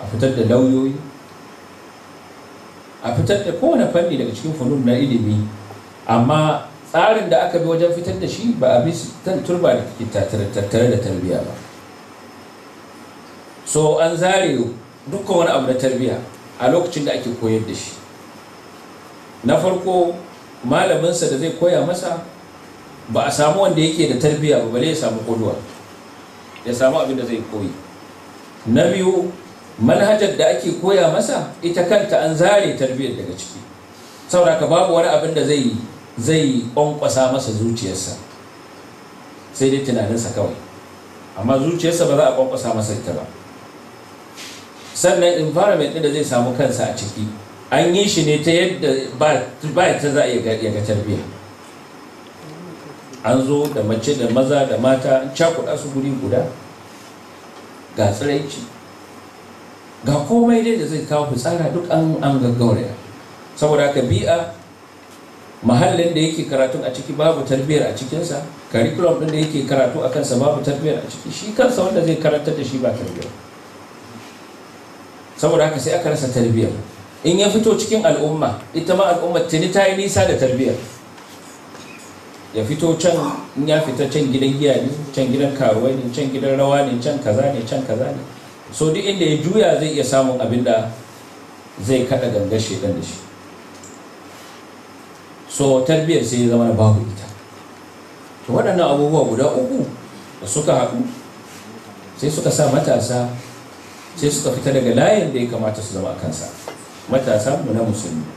a fitar da lauyoyi a fitar da kowane fanni daga cikin fannin na ilimi amma tsarin da aka bi wajen fitar da shi ba a bi tan turba da take tattare da tarbiyya ba so an zare dukkan wani abu na tarbiyya a lokacin da ake koyar da shi na farko malaminsa da zai koya masa ba a samu wanda yake da tarbiyya ba bale ya samu kuduwa ya samu abin da zai koyi na biyu manhajar da ake koya masa ita kanta an zare tarbiyyar daga ciki saboda ka babu wani abin da zai zai kwankwasa masa zuciyarsa sai dai tunaninsa kawai amma zuciyarsa ba za a kwankwasa masa ita ba sannan in fara environment da zai samu kansa a ciki an yi shi ne ta yadda ba ta za a yi ga tarbiyya an zo da mace da maza da mata an cakuɗa su guri guda ga tsiraici ga komai dai da zai kawo fitsara duk an an gaggauraya saboda haka bi'a mahallin da yake karatu a ciki babu tarbiyyar a cikinsa curriculum ɗin da yake karatu a kansa babu tarbiyyar a ciki shi kansa wanda zai karantar da shi ba tarbiyyar saboda haka sai aka rasa tarbiyyar in ya fito cikin al'umma ita ma al'umma tuni ta yi nisa da tarbiyyar ya fito can in ya fita can gidan giya ne can gidan karuwa ne can gidan rawa ne can kaza ne can kaza ne so duk inda ya juya zai iya samun abin da zai kada gangar shedan da shi so tarbiyyar sai ya zama na babu ita to waɗannan abubuwa guda uku da suka haɗu sai suka sa matasa sai suka fita daga layin da ya kamata su zama a kansa matasa mu na musulmi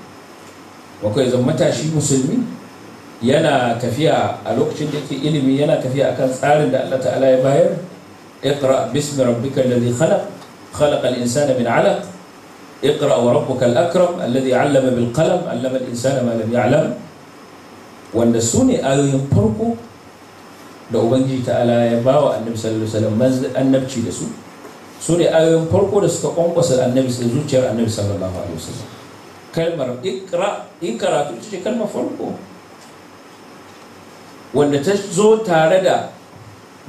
Wakwai zan matashi musulmi yana tafiya a lokacin da yake ilimi yana tafiya akan tsarin da Allah ta'ala ya bayar iqra bismi rabbikal ladhi khalaq khalaqal insana min 'alaq اقرأ وربك الأكرم الذي علم بالقلم علم الإنسان ما لم يعلم wanda su ne ayoyin farko da ubangiji ta'ala ya bawa wa annabi sallallahu alaihi wasallam annabci da su su ne ayoyin farko da suka kwankwasa annabi zuciyar annabi sallallahu alaihi wasallam kalmar ikra in karatu ce kalmar farko wanda ta zo tare da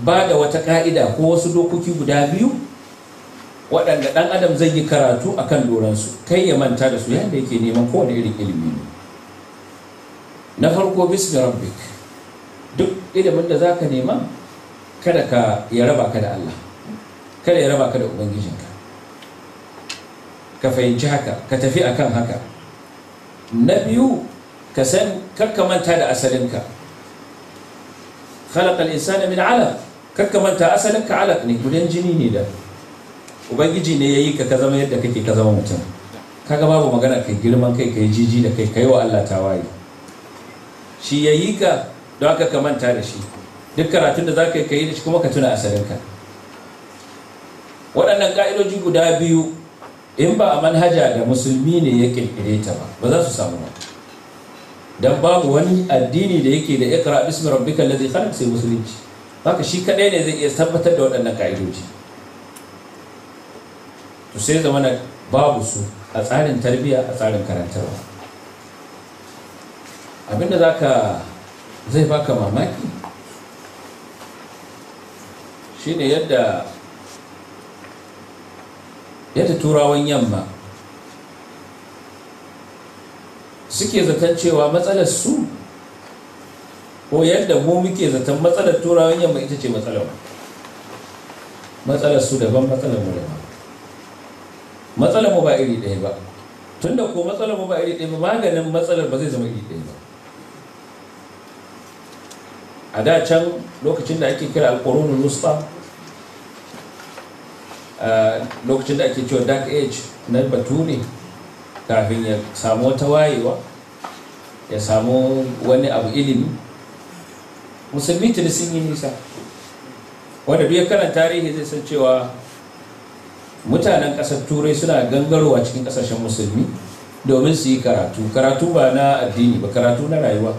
ba da wata ka'ida ko wasu dokoki guda biyu waɗanda ɗan adam zai yi karatu a kan doransu kai ya manta da su yadda yake neman kowane irin ilimi ne na farko bismi rabbik duk ilimin da za ka nema kada ka ya raba ka da allah kada ya raba ka da ubangijinka ka fahimci haka ka tafi akan haka na biyu ka san kakka manta da asalinka khalaqal insana min alaq kakka manta asalin ka alaq ne gudan jini ne da ubangiji ne yayi ka ka zama yadda kake ka zama mutum kaga babu magana kai girman kai kai jiji da kai kai wa Allah tawaye shi yayi ka don haka ka manta da shi duk karatun da zaka kai da shi kuma ka tuna asalin ka waɗannan ka'idoji guda biyu in ba a manhaja da musulmi ne ya kirkire ta ba ba za su samu ba dan babu wani addini da yake da ikra bismi rabbika allazi khalaq sai musulunci haka shi kadai ne zai iya tabbatar da waɗannan ka'idoji to sai zamana babu su a tsarin tarbiyya a tsarin karantarwa abinda zaka zai baka mamaki shine yadda yadda turawan yamma suke zaton cewa matsalar su ko yadda mu muke zaton matsalar turawan yamma ita ce matsalar matsalar su daban matsalar mu daban matsalar mu ba iri ɗaya ba tunda ko matsalar mu ba iri ɗaya ba maganin matsalar ba zai zama iri ɗaya ba a da can lokacin da ake kira alkorunul wusta lokacin da ake cewa dark age na batu ne kafin ya samu wata wayewa ya samu wani abu ilimi musulmi tuni sun yi nisa wanda duk ya karanta tarihi zai san cewa mutanen ƙasar turai suna gangarowa cikin ƙasashen musulmi domin su yi karatu karatu ba na addini ba karatu na rayuwa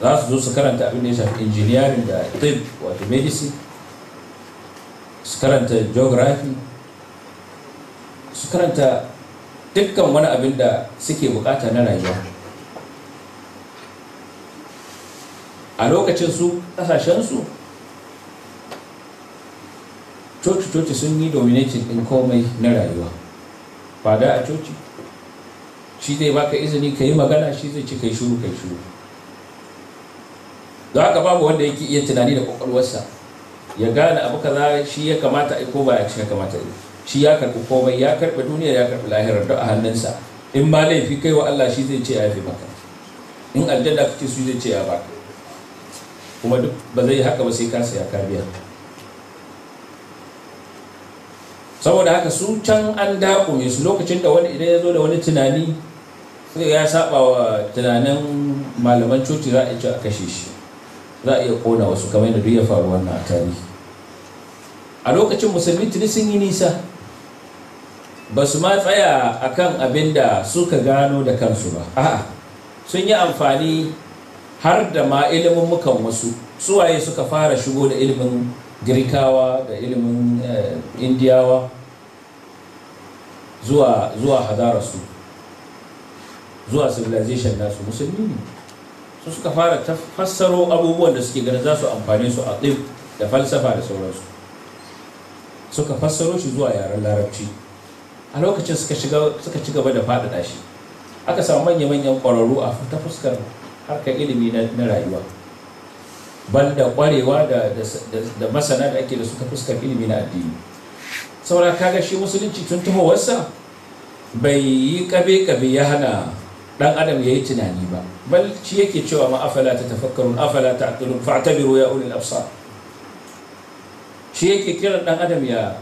za su zo su karanta abin da ya shafi injiniyarin da tib wato medicine su karanta geography su karanta dukkan wani abin da suke bukata na rayuwa a lokacin su kasashensu coci-coci sun yi dominating in komai na rayuwa ba da a coci shi zai baka izini ka yi magana shi zai ci kai shuru kai shuru don haka babu wanda yake iya tunani da kwakwalwarsa ya gane abu kaza shi ya kamata ko ba ya kamata yi shi ya karɓi komai ya karɓi duniya ya karɓi lahirar da a hannunsa in ma laifi kai wa Allah shi zai ce ya fi maka in aljanna kake su zai ce ya baka kuma duk ba zai haka ba sai ka saya ka biya saboda haka su can an dakume su lokacin da wani idan ya zo da wani tunani sai ya saba wa tunanin malaman coci za a ci a kashe shi za a iya kona wasu kamar yadda duk ya faru wannan a tarihi a lokacin musulmi tuni sun yi nisa ba su ma tsaya a kan abin da suka gano da kansu ba a'a sun yi amfani har da ma ilimin mukan wasu suwaye suka fara shigo da ilimin girkawa da ilimin eh, indiyawa zuwa zuwa hadararsu zuwa civilization nasu musulmi ne su suka fara fassaro abubuwan da suke ganin za su amfani su a da falsafa da sauransu suka fassaro shi zuwa yaren larabci a lokacin suka ci gaba da faɗaɗa shi aka samu manya-manyan ƙwararru a ta fuskar harkar ilimi na rayuwa da ƙwarewa da masana da ake da su ta fuskar ilimi na addini saboda kaga shi musulunci tun tuhowarsa bai yi ƙabe-ƙabe ya hana ɗan adam ya yi tunani ba bal ci yake cewa ma afala ta tafakkarun afala ta aqilun fa'atabiru ya ulil absar shi yake kiran ɗan adam ya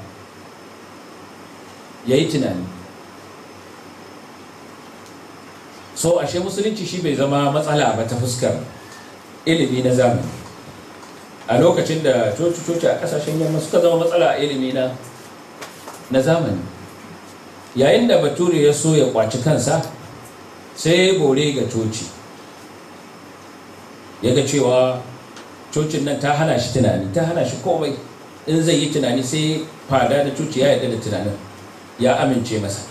ya yi tunani so ashe musulunci shi bai zama matsala ba ta fuskar ilimi na zamani a lokacin da coci-coci a kasashen yamma suka zama matsala a ilimi na zamani yayin da bature ya so ya kwaci kansa sai ya bore ga coci ya ga cewa cocin nan ta hana shi tunani ta hana shi komai in zai yi tunani sai fada da coci ya yarda da tunanin ya amince masa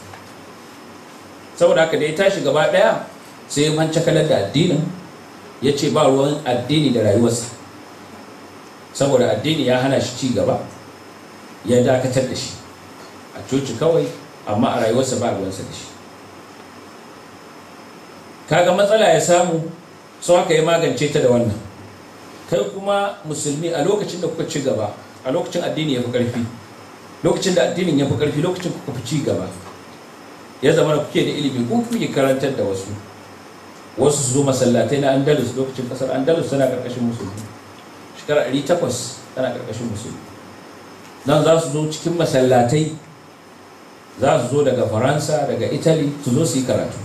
saboda haka da ya tashi gaba ɗaya sai ya manci kalar da addinin ya ce ba ruwan addini da rayuwarsa saboda addini ya hana shi ci gaba ya dakatar da shi a coci kawai amma a rayuwarsa ba ruwansa da shi Ka ga matsala ya samu sau haka ya magance ta da wannan kai kuma musulmi a lokacin da kuka ci gaba a lokacin addini ya fi ƙarfi lokacin da addinin ya fi ƙarfi lokacin ku fi cigaba gaba ya zama da kuke da ilimi ko kuke karantar da wasu wasu su zo masallatai na andalus lokacin kasar andalus tana ƙarƙashin musulmi shekara 800 tana ƙarƙashin musulmi nan za su zo cikin masallatai za su zo daga faransa daga italy su zo su yi karatu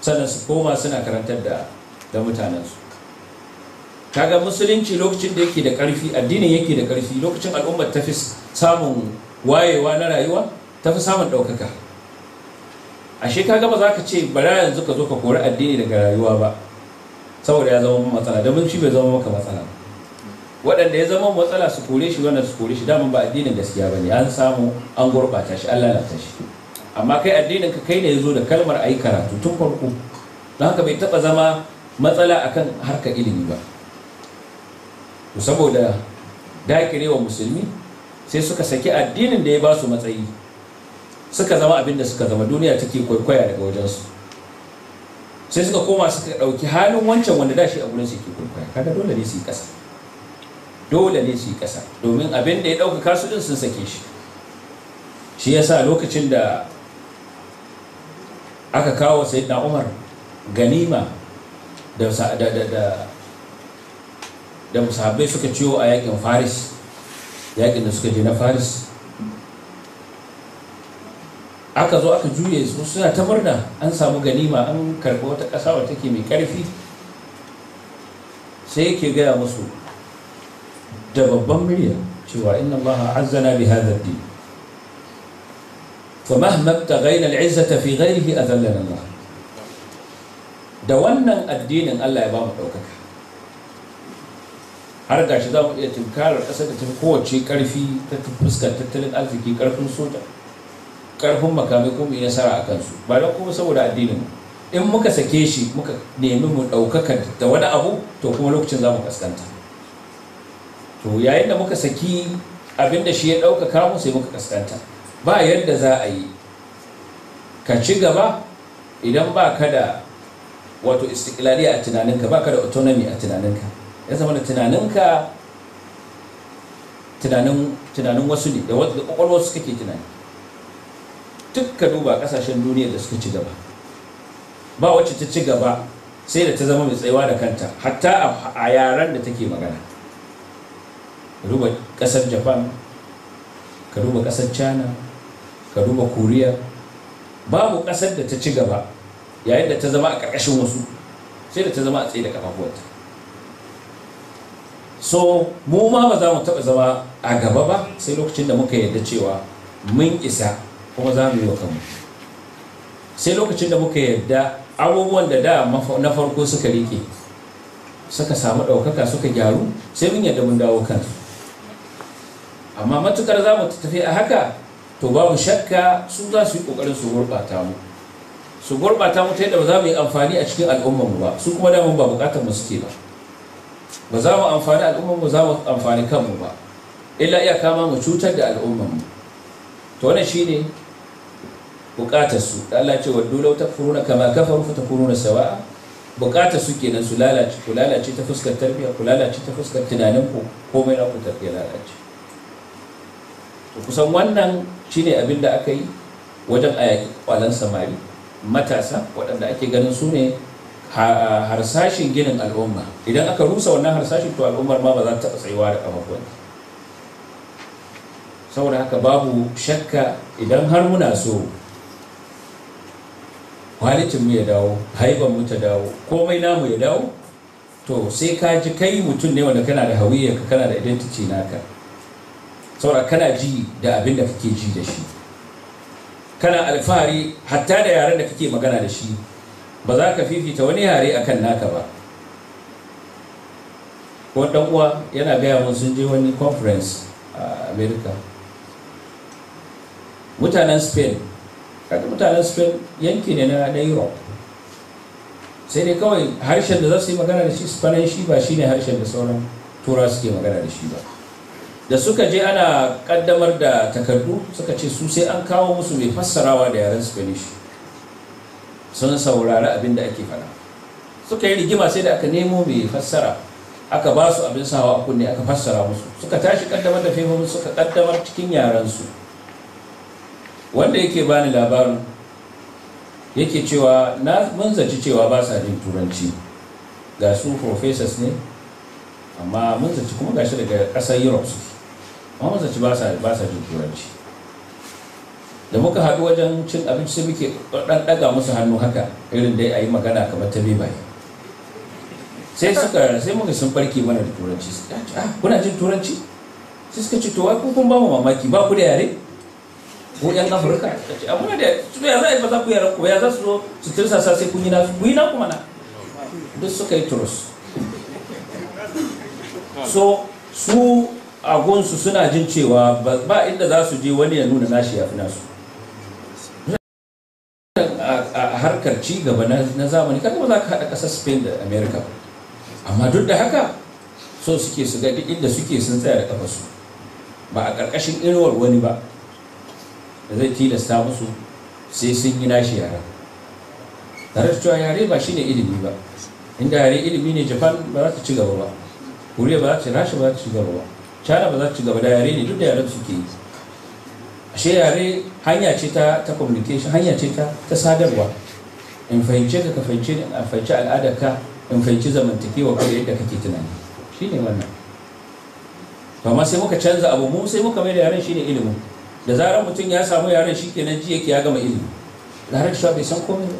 sannan su koma suna karantar da da mutanensu kaga musulunci lokacin da yake da ƙarfi addinin yake da ƙarfi lokacin al'ummar ta fi samun wayewa na rayuwa ta fi samun ɗaukaka ashe ka gaba za ka ce bara yanzu ka zo ka kori addini daga rayuwa ba saboda ya zama matsala domin shi bai zama maka matsala waɗanda ya zama matsala su kore shi wannan su kore shi daman ba addinin gaskiya ba ne an samu an gurɓata shi an lalata shi amma kai addinin ka kai ne ya zo da kalmar a yi karatu tun farko don haka bai taɓa zama matsala akan harkar ilimi ba saboda dakirewa musulmi sai suka saki addinin da ya ba su matsayi suka zama abin da suka zama duniya take kwaikwaya daga wajensu sai suka koma suka ɗauki halin wancan wanda da shi a gurin su ke kwaikwaya kaga dole ne su yi ƙasa dole ne su yi ƙasa domin abin da ya ɗaukaka su ɗin sun sake shi shi yasa lokacin da aka kawo sayyidina umar ganima da da da da musabbai suka ciwo a yakin faris yakin da suka je na faris aka zo aka juye su suna ta murna an samu ganima an karɓi wata ƙasa wata take mai ƙarfi sai yake gaya musu da babban murya cewa inna Allah azzana bi hadha din fa mahma ibtaghayna al-'izzata fi ghayrihi adallana Allah da wannan addinin Allah ya ba mu ɗaukaka har gashi za mu iya tunkarar ƙasar da ta fi kowace ƙarfi ta fuskar tattalin arziki ƙarfin soja ƙarfin makamai ko mai nasara a kansu ba don kuma saboda addinin in muka sake shi muka nemi mu ɗaukaka da wani abu to kuma lokacin za mu kaskanta to yayin da muka saki abin da shi ya ɗaukaka mu sai muka kaskanta ba yadda za a yi ka ci gaba idan ba ka da wato istiklali a tunaninka ba ka da autonomy a tunaninka ya zama da tunaninka tunanin wasu ne da kwakwalwar su kake tunani duk ka duba kasashen duniya da suka ci gaba ba wacce ta ci gaba sai da ta zama mai tsayawa da kanta hatta a yaran da take magana ka duba kasar japan ka duba kasar china ka duba koriya babu kasar da ta ci gaba yayin da ta zama a ƙarƙashin wasu sai da ta zama a tsaye da kafafuwarta so mu ma ba za mu taɓa zama a gaba ba sai lokacin da muka yarda cewa mun isa kuma za mu yi wa kanmu sai lokacin da muka yarda abubuwan da da na farko suka rike suka samu ɗaukaka suka gyaru sai mun yarda mun dawo kan. amma matukar za mu tafi a haka to babu shakka su za su yi ƙoƙarin su gurɓata mu su gurɓata mu ta yadda ba za mu yi amfani a cikin al'ummar mu ba su kuma da mun ba buƙatar mu suke ba ba za mu amfani al'ummar mu za mu amfani kanmu ba illa iya kama mu cutar da al'ummar mu to wannan shine bukatar su Allah ce waddu law furuna kama kafaru fatakununa sawa'a bukatar su kenan su lalace ku lalace ta fuskar tarbiyya ku lalace ta fuskar tunanin ku komai na ku tafiya lalace to kusan wannan shine abin da aka yi wajen ayaki kwalan samari matasa waɗanda ake ganin su ne harsashin ginin al'umma idan aka rusa wannan harsashin to al'ummar ma ba za ta taɓa tsayuwa da kamakon saboda haka babu shakka idan har muna so kwalitin mu ya dawo haibanmu mu ta dawo komai namu ya dawo to sai ka ji kai mutum ne wanda kana da ka, kana da identity naka saboda kana ji da abin da kake ji da shi kana alfahari hatta da yaren da kake magana da shi ba za ka fifita wani yare a kan naka ba ko ɗan uwa yana gaya mun sun je wani conference a america mutanen spain kaga mutanen spain yanki ne na europe sai dai kawai harshen da za su yi magana da shi spanish ba ne harshen da sauran tura suke magana da shi ba da suka je ana kaddamar da takardu suka ce su sai an kawo musu mai fassarawa da yaren spanish sun saurari abin da ake faɗa suka yi rigima sai da aka nemo mai fassara aka ba su abin sawa a kunne aka fassara musu suka tashi kaddamar da suka kaddamar cikin yarensu wanda yake bani labarin yake cewa na mun zaci cewa ba sa jin turanci ga su professors ne amma mun zaci kuma gashi daga ƙasar europe suke amma mun zaci ba sa jin turanci da muka haɗu wajen cin abinci muke ɗan ɗaga musu hannu haka irin dai a yi magana kamar ta bai sai suka sai muka sun barke mana da turanci ah, kuna jin turanci sai suka ce to wai ku kun ba mu mamaki ba ku da yare ko yan afirka a ah, muna da su ya za a yi ba za ku yare ku ya za su zo su tirsa sa sai kun yi nasu ku yi na kuma na duk suka yi turus so su agunsu suna jin cewa ba inda za su je wani ya nuna nashi ya fi nasu harkar ci gaba na zamani kada ba za ka haɗa ƙasar spain da america amma duk da haka so suke su ga duk inda suke sun tsaya da kafa su ba a ƙarƙashin irwar wani ba da zai tilasta musu sai sun yi nashi yara tare da cewa yare ba shine ilimi ba inda yare ilimi ne japan ba za ta ci gaba ba koriya ba za ta rasha ba za ta ci gaba ba china ba za ta ci gaba da yare ne duk da yaren suke yi ashe yare hanya ce ta communication hanya ce ta sadarwa in fahimce ka fahimce in fahimci zamantakewa ka da yadda kake tunani Shi ne wannan to amma sai muka canza abu mu sai muka mai da yaren ne ilimi da zarar mutum ya samu yaren shi kenan ji yake ya gama ilimi da har shi bai san komai ba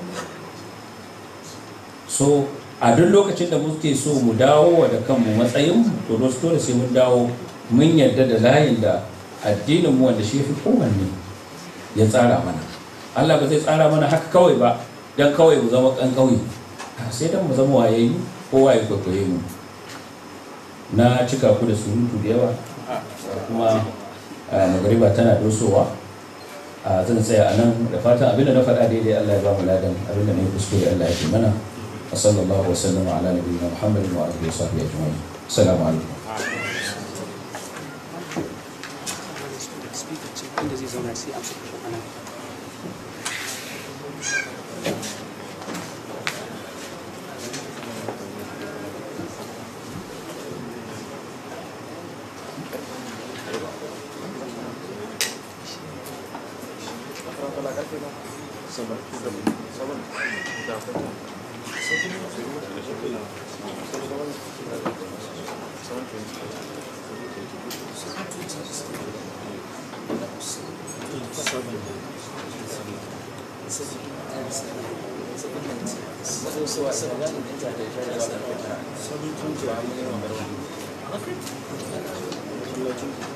so a duk lokacin da muke so mu dawo da kanmu matsayin to dole sai mun dawo mun yarda da layin da addinin mu wanda shi fi kowanne ya tsara mana Allah ba zai tsara mana haka kawai ba don kawai mu zama kan kawai ah, sai dan mu zama ni ko waye koye mu na cika ku da surutu da yawa kuma ah, magariba tana dosowa ah, zan tsaya a nan da fatan abinda na faɗa daidai Allah ya ba mu ladan abinda na yi kuskure Allah ya ke mana wa sallallahu wa sallama ala nabiyina Muhammad wa alihi wa sahbihi ajma'in assalamu alaikum Thank you.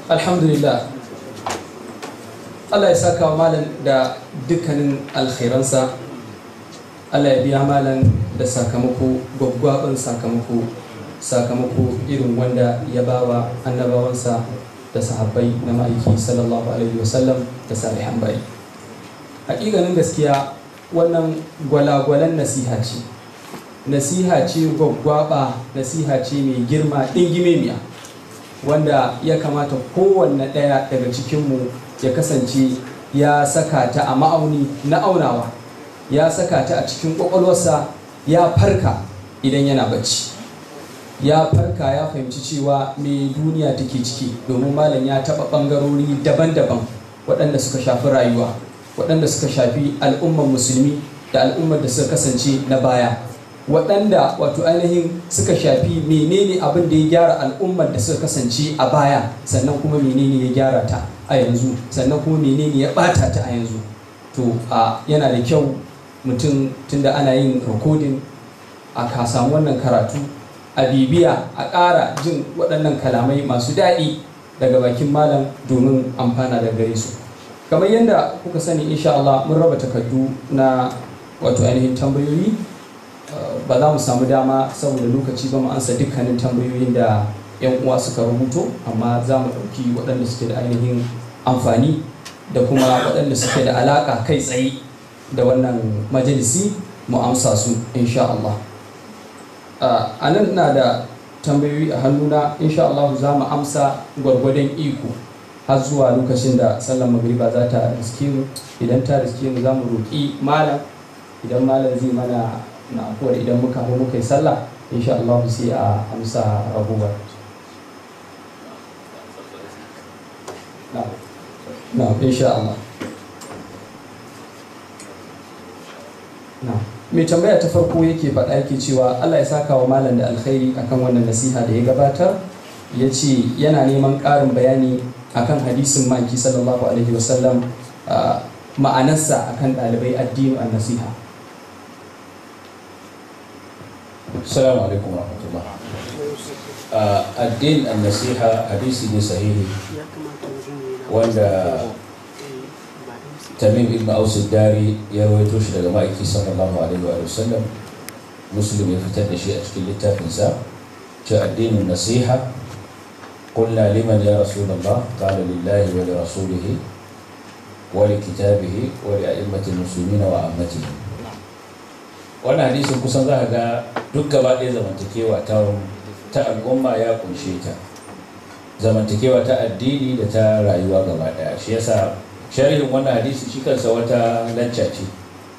alhamdulillah Allah ya saka wa malam da dukkanin alkhairansa Allah ya biya malam da sakamako gwaggwaban sakamako sakamako irin wanda ya bawa annabawansa da sahabbai na ma'aiki sallallahu alaihi wasallam da salihan bai hakikanin gaskiya wannan gwalagwalan nasiha ce nasiha ce gwaggwaba nasiha ce mai girma ɗingimemiya wanda ya kamata kowanne ɗaya daga cikinmu ya kasance ya saka ta a ma'auni na aunawa ya saka ta a cikin ƙwaƙwalwarsa ya farka idan yana bacci ya farka ya fahimci cewa me duniya take ciki domin malam ya taɓa ɓangarori daban-daban waɗanda suka shafi rayuwa waɗanda suka shafi al'ummar musulmi da al'ummar da suka kasance na baya waɗanda wato ainihin suka shafi menene abin da ya gyara al'ummar da suka kasance a baya sannan kuma menene ya gyara ta a yanzu sannan kuma menene ya ɓata ta a yanzu to a yana da kyau mutum tunda ana yin rikodin a ka samu wannan karatu a bibiya a ƙara jin waɗannan kalamai masu daɗi daga bakin malam domin amfana da gare su kamar yadda kuka sani insha Allah mun raba takardu na wato ainihin tambayoyi eh, ba za mu samu dama saboda lokaci ba mu ansa dukkanin tambayoyin da 'yan uwa suka rubuto amma za mu ɗauki waɗanda suke da ainihin amfani da kuma waɗanda suke da alaƙa kai tsaye da wannan majalisi mu amsa su insha Allah a nan na da tambayoyi a hannuna insha Allah za mu amsa gwargwadon iko har zuwa lokacin da sallar magriba za ta riske mu idan ta riske mu za mu roƙi malam idan malam zai mana na afuwar idan muka hau muka yi sallah insha Allah sai a amsa ragowar na insha Allah na mai tambaya ta farko yake faɗa yake cewa allah ya saka wa malam da alkhairi akan wannan nasiha da ya gabatar ya ce yana neman ƙarin bayani akan hadisin maki sallallahu alaihi wasallam ma'anarsa akan ɗalibai addini a nasiha Salamu alaikum wa rahmatullah addin an nasiha hadisi ne sahihi wanda tamim ibn Ausid dari ya rawaito shi daga ma'aiki sallallahu alaihi wa sallam muslim ya fitar da shi a cikin littafinsa ce addinin nasiha wa لمن يا رسول الله قال لله ولرسوله ولكتابه ولأئمة المسلمين وأمتهم wannan hadisin kusan za ka ga duk gaba ɗaya zamantakewa ta al'umma ya kunshe ta zamantakewa ta addini da ta rayuwa gaba ɗaya shi yasa sharhin wannan hadisi shi kansa wata lacca ce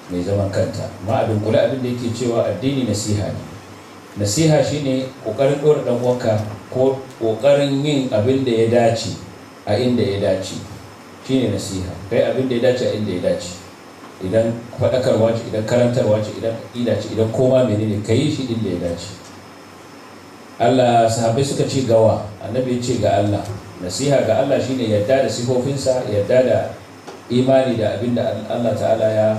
mai zaman kanta ma a dunkule abin da yake cewa addini nasiha ne nasiha shine kokarin ɗora ɗan uwanka ko kokarin yin abin da ya dace a inda ya dace shine nasiha kai abin da ya dace a inda ya dace idan faɗakarwa ce idan karantarwa ce idan aƙida ce idan koma menene ka yi shi inda ya dace Allah sahabbai suka ce gawa annabi ya ce ga Allah nasiha ga Allah shine yadda da sifofinsa yadda da imani da abin da Allah ta'ala ya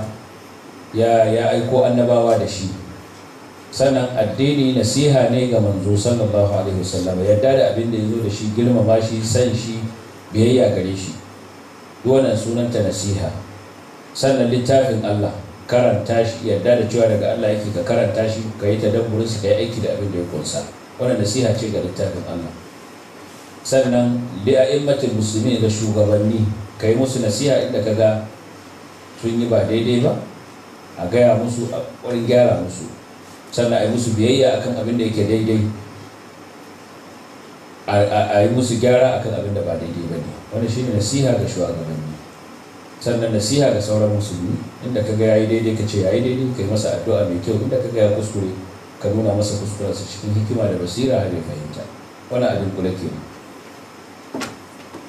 ya ya aiko annabawa da shi sannan addini nasiha ne ga manzo sallallahu alaihi wasallam yadda da abin da yazo da shi girmama shi san shi biyayya gare shi wannan sunanta nasiha sannan littafin Allah karanta shi yadda da cewa daga Allah yake ka karanta shi ka yi tadabburin shi ka yi aiki da abin da ya kunsa wannan nasiha ce ga littafin Allah sannan li'a'immatul muslimin da shugabanni ka yi musu nasiha inda ka ga sun yi ba daidai ba a gaya musu a ƙwarin gyara musu sannan a yi musu biyayya a kan abin da yake daidai a yi musu gyara a kan abin da ba daidai ba ne wani shi ne nasiha ga shugabanni sannan nasiha ga sauran musulmi inda ka ga ya yi daidai ka ce ya yi daidai ka yi masa addu'a mai kyau inda ka ga ya kuskure ka nuna masa kuskurensa cikin hikima da basira har ya fahimta wani abin kula ke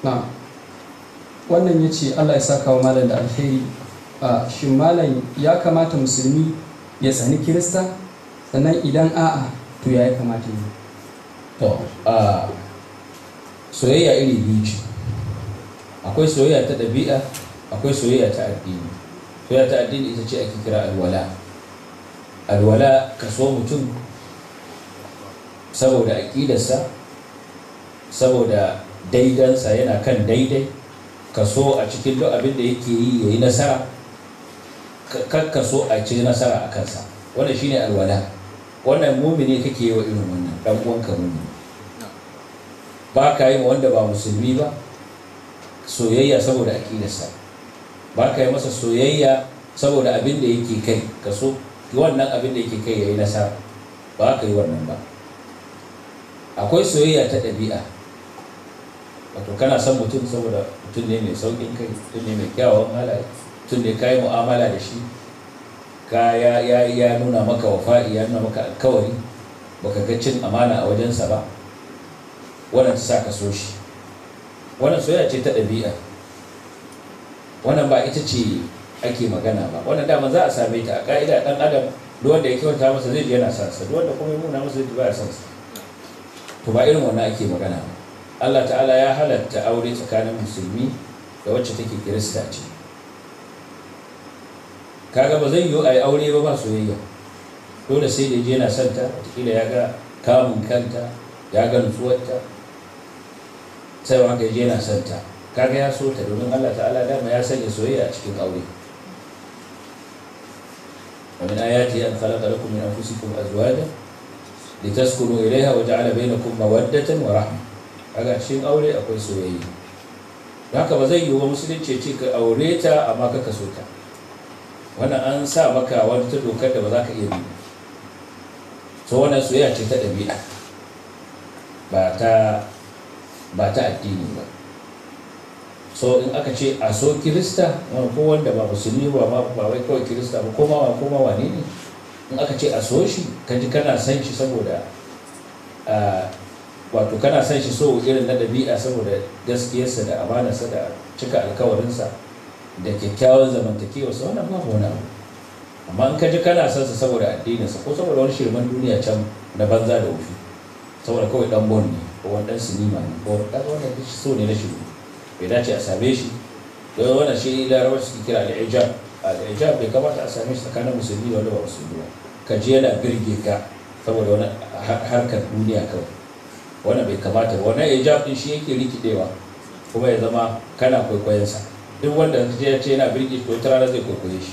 na'am wannan ya ce allah ya sa kawo malam da alheri a shin malam ya kamata musulmi ya tsani kirista sannan idan a'a to ya yi kamata yi to a soyayya iri biyu ce akwai soyayya ta ɗabi'a akwai soyayya ta addini soyayya ta addini ita ce ake kira alwala alwala ka so mutum saboda aƙidarsa saboda daidansa yana kan daidai kaso a cikin duk abin da yake yi yayi nasara Kan kaso a ci nasara a kansa wannan shine alwala wannan mumini kake yi wa irin wannan dan uwanka mumini ba ka yi wanda ba musulmi ba soyayya saboda aƙidarsa ba ka yi masa soyayya saboda abin da yake kai kaso wannan abin da yake kai yayi nasara ba ka yi wannan ba akwai soyayya ta ɗabi'a wato kana son mutum saboda mutum ne mai saukin kai mutum ne mai kyawawan halaye mutum ne ka yi mu'amala da shi ka ya ya ya nuna maka wafa'i ya nuna maka alkawari baka ga cin amana a wajensa ba wannan sa ka so shi wannan soyayya ce ta ɗabi'a wannan ba ita ce ake magana ba wannan dama za a same ta a ka'ida ɗan adam duk wanda ya kyauta masa zai ji yana sansa sa duk wanda kuma ya nuna masa zai ji ba ya sansa to ba irin wannan ake magana ba Allah ta'ala ya halatta aure tsakanin musulmi da wacce take kirista ce kaga ba zai yiwu a yi aure ba ba soyayya dole sai da je na santa watakila ya ga kamun kanta ya ga nutsuwarta sai wanda je na santa kaga ya so ta domin Allah ta'ala dama ya sanya soyayya a cikin aure ومن آياته أن خلق لكم من أنفسكم أزواجا لتسكنوا إليها وجعل بينكم مودة ورحمة a gashin aure akwai soyayya haka ba zai yi wa musulunci ce ka aure ta amma ka kaso ta wannan an sa maka wani ta dokar da ba za ka iya bi so wannan soyayya ce ta ɗabi'a ba ta ba ta addini ba so in aka ce a so kirista ko wanda ba musulmi ba ba wai kawai kirista ba ma wa ma wane ne in aka ce a so shi ka ji kana san shi saboda ah, wato kana san shi so irin na ɗabi'a saboda gaskiyarsa da amanarsa da cika alkawarinsa da kyakkyawan zamantakewarsa wannan ba wani abu amma in ka ji kana san sa saboda addininsa ko saboda wani shirman duniya can na banza da wufi saboda kawai dan bon ne ko wani dan sinima ne ko wani dan wani so ne na shiru bai dace a same shi don wannan shi larabar suke kira al'ijab al'ijab bai kamata a same shi tsakanin musulmi da wanda ba musulmi ba ka je yana birge ka saboda wani harkar duniya kawai wannan bai kamata ba wannan ijab din shi yake rikidewa kuma ya zama kana kwaikwayensa duk wanda ya ce yana birki to ta rana zai kwaikwaye shi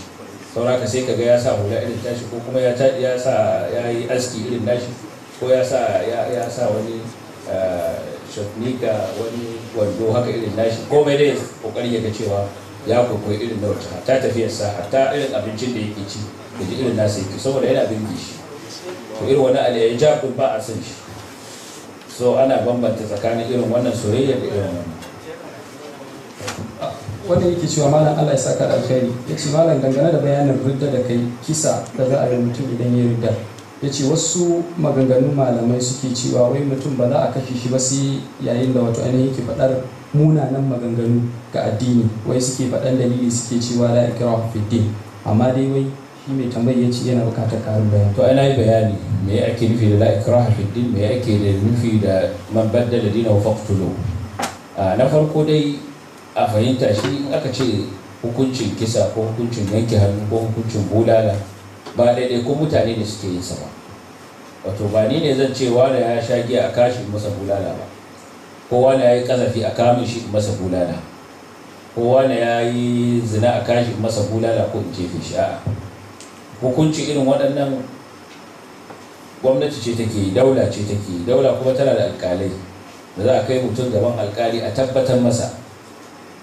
saura ka sai kaga ya sa hula irin tashi ko kuma ya sa ya yi aski irin nashi ko ya sa ya sa wani eh, shafnika wani wando haka irin nashi ko mai dai kokari ya ga cewa ya kwaikwaye irin na wata ta tafiyarsa, sa hatta irin abincin da yake ci da irin nasa yake saboda yana birki shi to irin wani alayyajabin ba a san shi so ana bambanta tsakanin irin wannan soyayya da irin wannan wanda yake cewa malam Allah ya saka da alkhairi ya ce malam dangane da bayanin ridda da kai kisa da za a yi mutum idan ya ridda ya ce wasu maganganun malamai suke cewa wai mutum ba za a kashe shi ba sai yayin da wato ainihin ke faɗar munanan maganganu ga addini wai suke faɗan dalili suke cewa la ikra fi din amma dai wai mai tambayi ya ce yana bukata karin bayani to ana yi bayani me ake nufi da la'ikra hafidin me ake da nufi da man badda da dina na farko dai a fahimta shi in aka ce hukuncin kisa ko hukuncin yanke hannu ko hukuncin bulala ba daidai ko mutane ne suke yin sa ba wato ba ni ne zan ce wani ya sha giya a kashin masa bulala ba ko wani ya yi kazafi a kamun shi masa bulala ko wani ya yi zina a kashi masa bulala ko in jefe shi a'a Hukuncin irin waɗannan gwamnati ce take yi daula ce take yi daula kuma tana da alkalai da za a kai mutum gaban alkali a tabbatar masa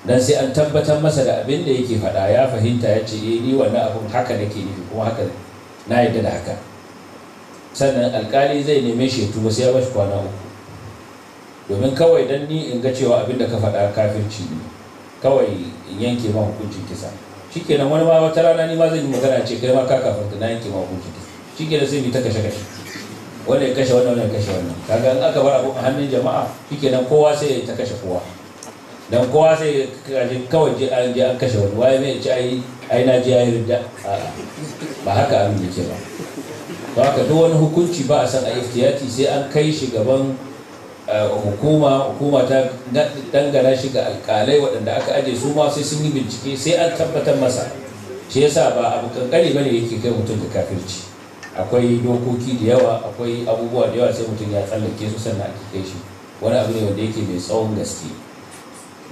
dan sai an tabbatar masa da abin da yake faɗa ya fahimta ya ce eh, ni wannan abin haka nake nufi kuma haka na yadda da haka sannan alkali zai neme shi tuba sai ya bashi kwana uku domin kawai dan ni in ga cewa abin da ka faɗa kafirci ne kawai in yanke ma hukuncin kisa nan wani ma wata rana ni ma zan yi magana ce kai ma ka ta na yanke ma hukunci shikenan sai mu ta kashe kashe wanda ya kashe wannan wannan kashe wannan kaga in aka bar abu a hannun jama'a nan kowa sai ya ta kashe kowa dan kowa sai kawai je an je an kashe wani waye mai ci ai ai na je ai ridda ba haka abin yake ba to haka duk wani hukunci ba a san a iftiyati sai an kai shi gaban Eh, hukuma hukuma ta dangana shi ga alkalai waɗanda aka aje su ma sai sun yi bincike sai an tabbatar masa shi yasa ba abu kankani bane yake kai mutum da kafirci akwai dokoki da yawa akwai abubuwa da yawa sai mutum ya tsallake su sannan ake kai shi wani abu ne wanda yake mai tsawon gaske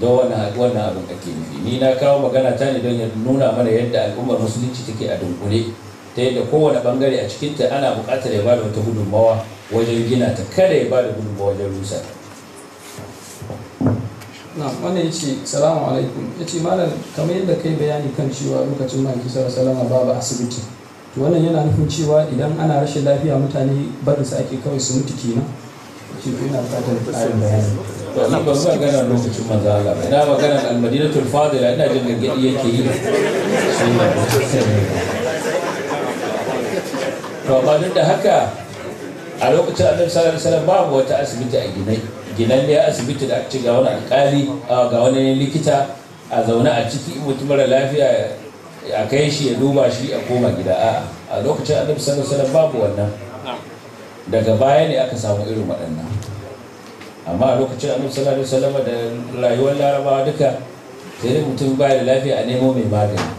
don wannan abin ake nufi ni na kawo magana ta ne don ya nuna mana yadda al'ummar musulunci take a dunkule ta yadda kowane bangare a cikinta ana bukatar ya bada wata gudunmawa wajen gina ta kada ya ba da gudunmawa wajen rusa na wanda ya ce salamu alaikum ya ce malam kamar yadda kai bayani kan cewa lokacin man kisa salama babu asibiti to wannan yana nufin cewa idan ana rashin lafiya mutane barin su ake kawai su mutu kenan ce ko yana fatan ƙarin bayani to ni ba zuwa gana lokacin manzo Allah ba ina magana al-madinatul fadila ina jin gaggadi yake yi to ba duk da haka a lokacin annabi sallallahu alaihi wasallam babu wata asibiti a ginai ginan ne asibiti da aka ga wani alƙali, ga wani likita a zaune a ciki mutum mara lafiya a kai shi ya duba shi a koma gida a a lokacin annabi sallallahu alaihi wasallam babu wannan daga baya ne aka samu irin waɗannan amma a lokacin annabi sallallahu alaihi wasallam da rayuwar larabawa duka sai mutum baya da lafiya a nemo mai magani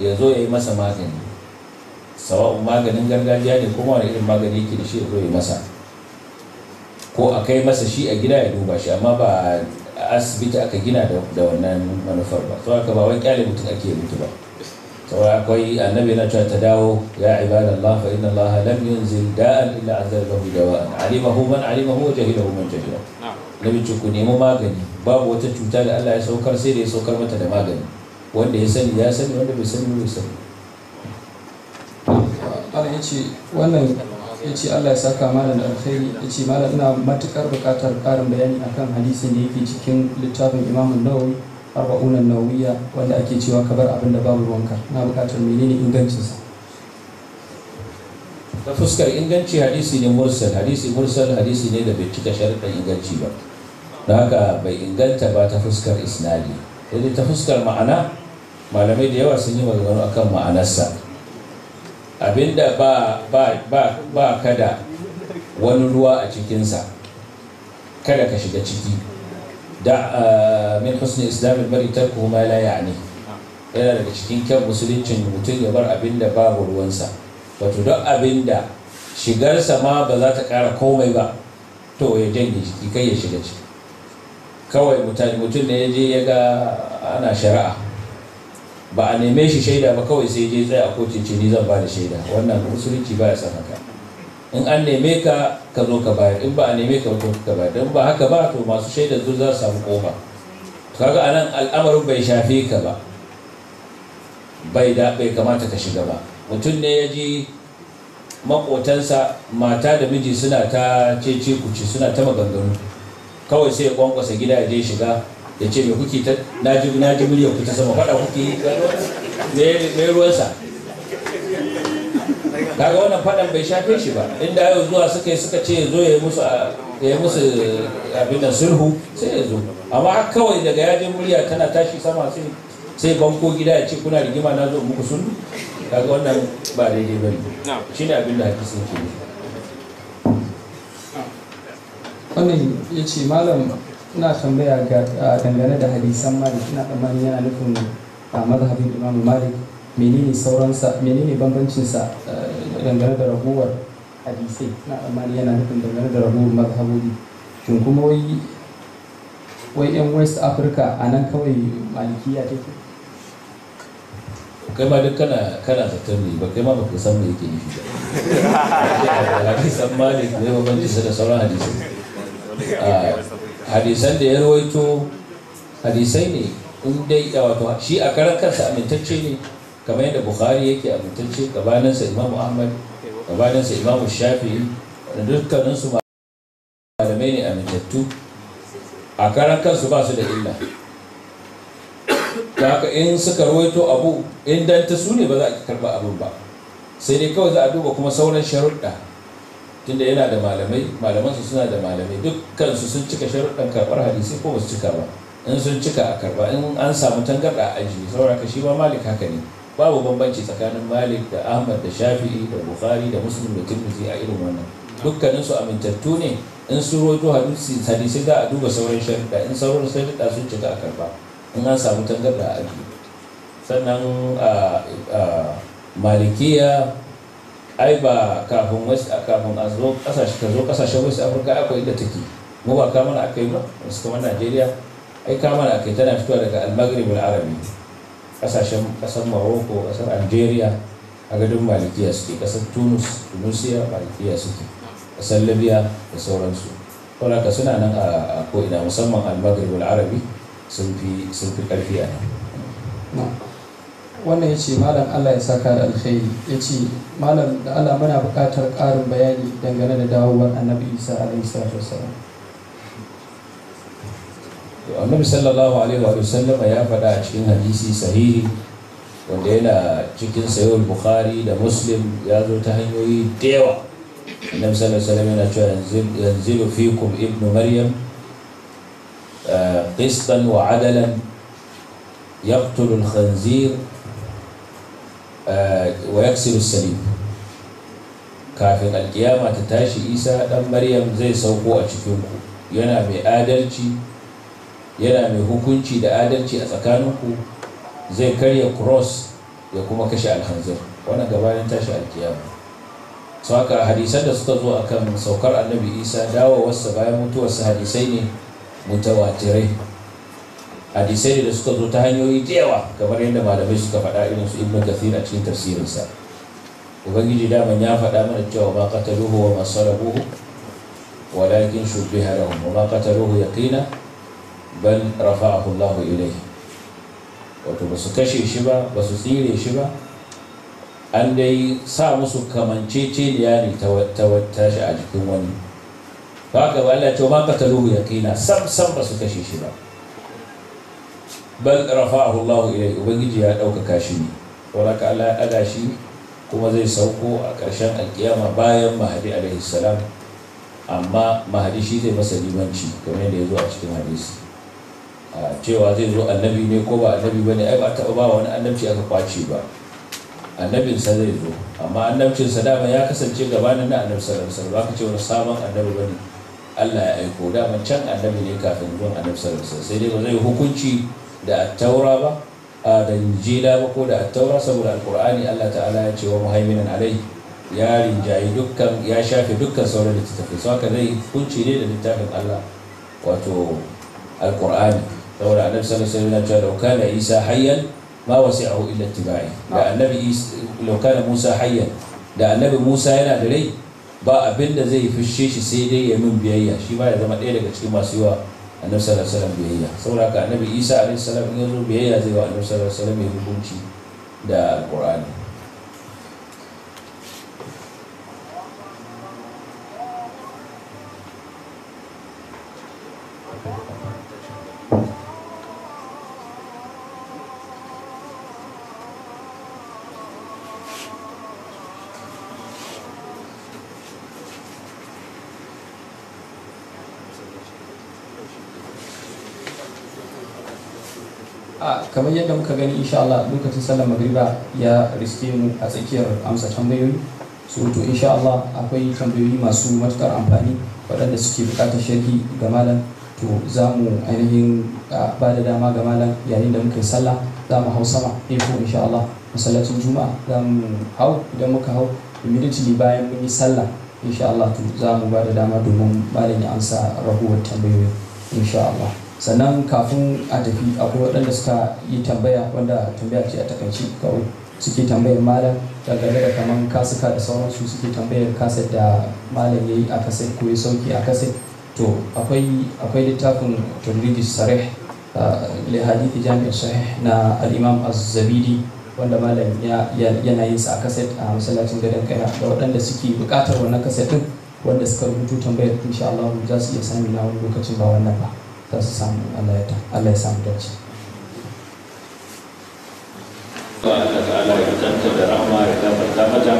ya zo ya yi masa magani sawa'un maganin gargajiya ne kuma wani irin magani yake da shi ya masa ko a kai masa shi a gida ya duba shi amma ba asibiti aka gina da wannan manufar ba to aka ba wani kyale mutum ake mutu ba to akwai annabi na cewa ta dawo ya ibadallah fa inna allah lam yunzil da'an illa anzala lahu dawa'an alimahu man alimahu wa jahilahu man jahila. nabi ce ku nemi magani babu wata cuta da Allah ya saukar sai da ya saukar mata da magani wanda ya sani ya sani wanda bai sani bai sani Allah ya ce wannan ya ce allah ya saka malam da alkhairi ya ce malam ina matukar buƙatar ƙarin bayani akan hadisin da yake cikin littafin Imam nawawi arba'unan nawiya wanda ake cewa ka bar abin da babu ruwanka na buƙatar menene sa ta fuskar inganci hadisi ne mursal hadisi mursal hadisi ne da bai cika sharuɗan inganci ba da haka bai inganta ba ta fuskar isnadi sai ta fuskar ma'ana malamai da yawa sun yi maganganu akan ma'anarsa abinda ba ba ba ba kada wani ruwa a cikinsa kada ka shiga ciki da ah, min husni islamin bari tarku ma la ya'ni yana daga cikin kyan musuluncin mutum ya bar abin da babu ruwansa wato duk abin da shigarsa ma ba za ta kara komai ba to ya janye jiki kai ya shiga ciki kawai mutum ne ya je ya ga ana shari'a ba a neme shi shaida ba kawai sai je tsaye a kotun ce ni zan ba da shaida wannan musulunci ba ya san haka in an neme ka ka zo ka bayar in ba a neme ka ko ka bayar in ba haka ba to masu shaida zo za su samu koma kaga anan al'amarin bai shafe ka ba bai da bai kamata ka shiga ba mutum ne ya ji makotansa mata da miji suna ta cece kuci suna ta maganganu kawai sai ya kwankwasa gida ya je shiga ya ce me kuke ta na ji na ji miliyan ku ta sama faɗa kuke ne me ruwansa kaga wannan fadan bai shafe shi ba inda yau zuwa suka suka ce zo ya musu ya musu abin da sulhu sai ya zo amma har kawai daga yajin murya tana tashi sama sai sai banko gida ya ce kuna rigima na zo muku sulhu kaga wannan ba daidai ba ne shine abin da so ke wannan ya ce malam ina tambaya ga dangane da hadisan malik ina tsammanin yana nufin a mazhabin imam malik menene sauransa menene bambancinsa dangane da ragowar hadisai ina tsammanin yana nufin dangane da ragowar mazhabobi tun kuma wai wai yan west africa a nan kawai malikiya take kai ma duk kana kana zaton ne ba kai ma baka san me yake nufi ba hadisan malik ne sa da sauran hadisai hadisan da ya rawaito hadisai ne in dai wato shi a karan kansa amintacce ne kamar yadda bukhari yake amintacce gabaninsa imamu ahmad gabaninsa imamu Shafi. da su malamai ne amintattu a karan kansu ba su da illa ta haka in suka rawaito abu in danta su ne ba za a karba abin ba sai dai kawai za a duba kuma sauran sharuɗa tunda yana da malamai malamansu suna da malamai dukkansu sun cika sharuɗan karɓar hadisi ko ba su cika ba in sun cika a karɓa in an samu tangarɗa a ajiye saboda shi ma malik haka ne babu bambanci tsakanin malik da ahmad da shafi'i da bukhari da muslim da tirmidhi a irin wannan dukkaninsu amintattu ne in sun rojo hadisi hadisi za a duba sauran sharuɗa in sauran sharuɗa sun cika a karɓa in an samu tangarɗa a ajiye sannan malikiya ai ba kafin kafin a zo kasashe ka zo kasashen afirka africa akwai inda take mu ba kama na aka yi ba wasu kamar najeriya ai kama na aka yi tana fitowa daga almagrib arabi kasashen kasar morocco kasar algeria a gadon malikiya suke kasar tunis tunisia malikiya suke kasar libya da sauransu ka suna nan a ko'ina musamman almagrib arabi sun fi karfi a nan wannan ya ce malam allah ya saka da alkhairi ya ce malam da allah muna buƙatar ƙarin bayani dangane da dawowar annabi isa alaihi salatu wasalam annabi sallallahu alaihi wa sallama ya faɗa a cikin hadisi sahihi wanda yana cikin sayuwar bukhari da muslim ya zo ta hanyoyi da yawa annabi sallallahu alaihi wasallam yana cewa yanzilu fikum ibnu maryam qistan wa adalan يقتل الخنزير wa yaksiru salim kafin alkiyama ta tashi isa dan maryam zai sauko a cikinku yana mai adalci yana mai hukunci da adalci a tsakaninku zai karya cross ya kuma kashe alhanzir wannan bayan tashi alkiyama su hadisan da suka zo akan saukar annabi isa wasa bayan mutuwarsa hadisai ne mutawatirai hadisai da suka zo ta hanyoyi da yawa kamar yadda malamai suka faɗa irin su ibnu kathir a cikin tafsirinsa ubangiji daman ya faɗa mana cewa ma qataluhu wa ma salabuhu walakin shubbiha lahum wa ya qataluhu ban rafa a Allah ilayhi wato ba su kashe shi ba ba su tsire shi ba an dai sa musu kamanceceniya ne ta shi a jikin wani ba ka ba Allah ya ce ma qataluhu yaqina sam sam ba su kashe shi ba bal rafa'ahu Allah ilayhi ubangiji ya ɗaukaka shi ne waraka Allah ya ɗaga shi kuma zai sauko a ƙarshen alƙiyama bayan mahadi alaihi salam amma mahadi shi zai masa limanci kamar yadda ya zo a cikin hadisi a cewa zai zo annabi ne ko ba annabi ba ne ai ba taɓa ba wani annabci aka kwace ba annabinsa zai zo amma annabcinsa dama ya kasance gabanin na annabi sallallahu alaihi wasallam ce wani sabon annabi bane Allah ya aiko dama can annabi ne kafin zuwan annabi sallallahu alaihi wasallam sai dai ba zai hukunci da attaura ba a da injila ba ko da attaura saboda alkur'ani Allah ta'ala ya ce wa muhaiminan alai ya rinjayi dukkan ya shafe dukkan sauran littattafai so haka zai kunci ne da littafin Allah wato alkur'ani saboda annabi sallallahu alaihi wasallam ya ce da kana isa hayyan ma wasi'ahu illa ittiba'i da annabi isa law kana musa hayyan da annabi musa yana da rai ba abin da zai fishe shi sai dai ya min biyayya shi ma ya zama ɗaya daga cikin masu yawa annabi sallallahu alaihi wasallam biyayya saboda haka annabi isa alaihi salam in ya biyayya zai wa annabi sallallahu alaihi wasallam hukunci da alqur'ani kamar yadda muka gani insha Allah lokacin sallar magriba ya riske mu a tsakiyar amsa tambayoyi so to insha Allah akwai tambayoyi masu matukar amfani waɗanda suke buƙatar sharhi ga malam to za mu ainihin ba da dama ga malam yayin da muka yi sallah za mu hau sama ko insha Allah masallacin juma'a za mu hau idan muka hau immediately bayan mun yi sallah insha Allah to za mu ba da dama domin malam ya amsa rahuwar tambayoyi insha Allah sannan kafin a tafi akwai waɗanda suka yi tambaya wanda tambaya ce a takaici kawai suke tambayar malam dangane da kamar kasuka da sauransu suke tambayar kasar da malam ya yi a kasai ko ya sauki a kasai to akwai littafin turridis sarih li hadithi jami'in sahih na al-imam az-zabidi wanda malam yana yin sa a kaset a masallacin gadon kaya da waɗanda suke buƙatar wannan kaset din wanda suka rubutu tambayar insha Allah za su iya sami na wani lokacin ba wannan ba za su samu Allah ya Allah ta'ala ya da rahama ya mata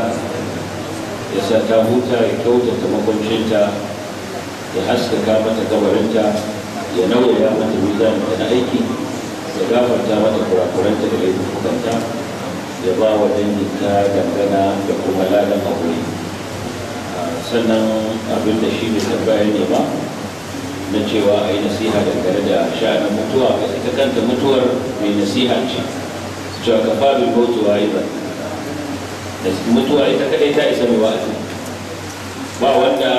ya sa ta huta ya kyautata makwancinta ya haskaka mata gabarinta ya nauyaya mata mizaninta na aiki ya gafarta mata kurakuranta da laifukanta ya ba wa danginta dangana da kuma ladan aure ah, sannan abin da shi ne tambaya ne ba na cewa a yi nasiha dangane da sha'anin mutuwa ga ita kanta mutuwar mai nasiha ce cewa ka faru mutuwa yi ba da mutuwa ita kadai ta isa mai wa'azi ba wanda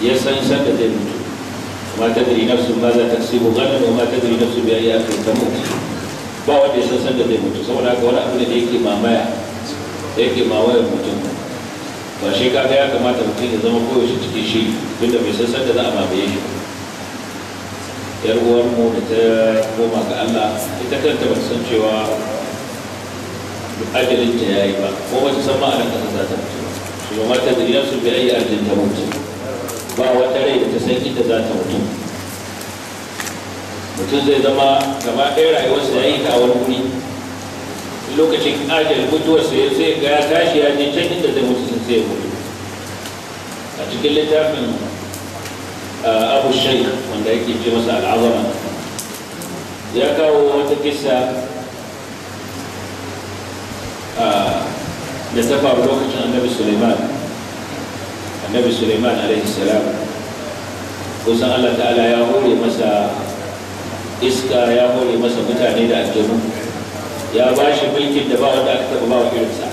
ya san san da zai mutu ma ta na su ma za ta sibu da ma ta gari na su ya kai ta mutu ba wanda ya san san da zai mutu saboda haka wani abu da yake mamaya yake mamayar mutum ba shi kaga ya kamata mutum ya zama koyaushe cikin shi duk da bai san sanda za a mamaye shi yar uwar mu da ta koma ga Allah ita kanta ba san cewa ajalin ta yayi ba ko ba sama san ma anan kasa za ta mutu shi ba mata da nafsu bi ayi ajalin ta mutu ba wata rai da ta san ita za ta mutu mutum zai zama gaba ɗaya rayuwarsa ya yi ta a wani wuri lokacin ajal mutuwar ya sai ga ya tashi ya je can inda zai mutu sun sai mutu a cikin littafin uh, abu shaik wanda yake ce masa al'azama ya kawo wata kisa uh, da ta faru lokacin annabi suleiman annabi suleiman alaihi salam kusan allah ta'ala ya hore masa iska ya hore masa mutane da aljanu ya ba shi mulkin da ba wanda aka taɓa ba wa irinsa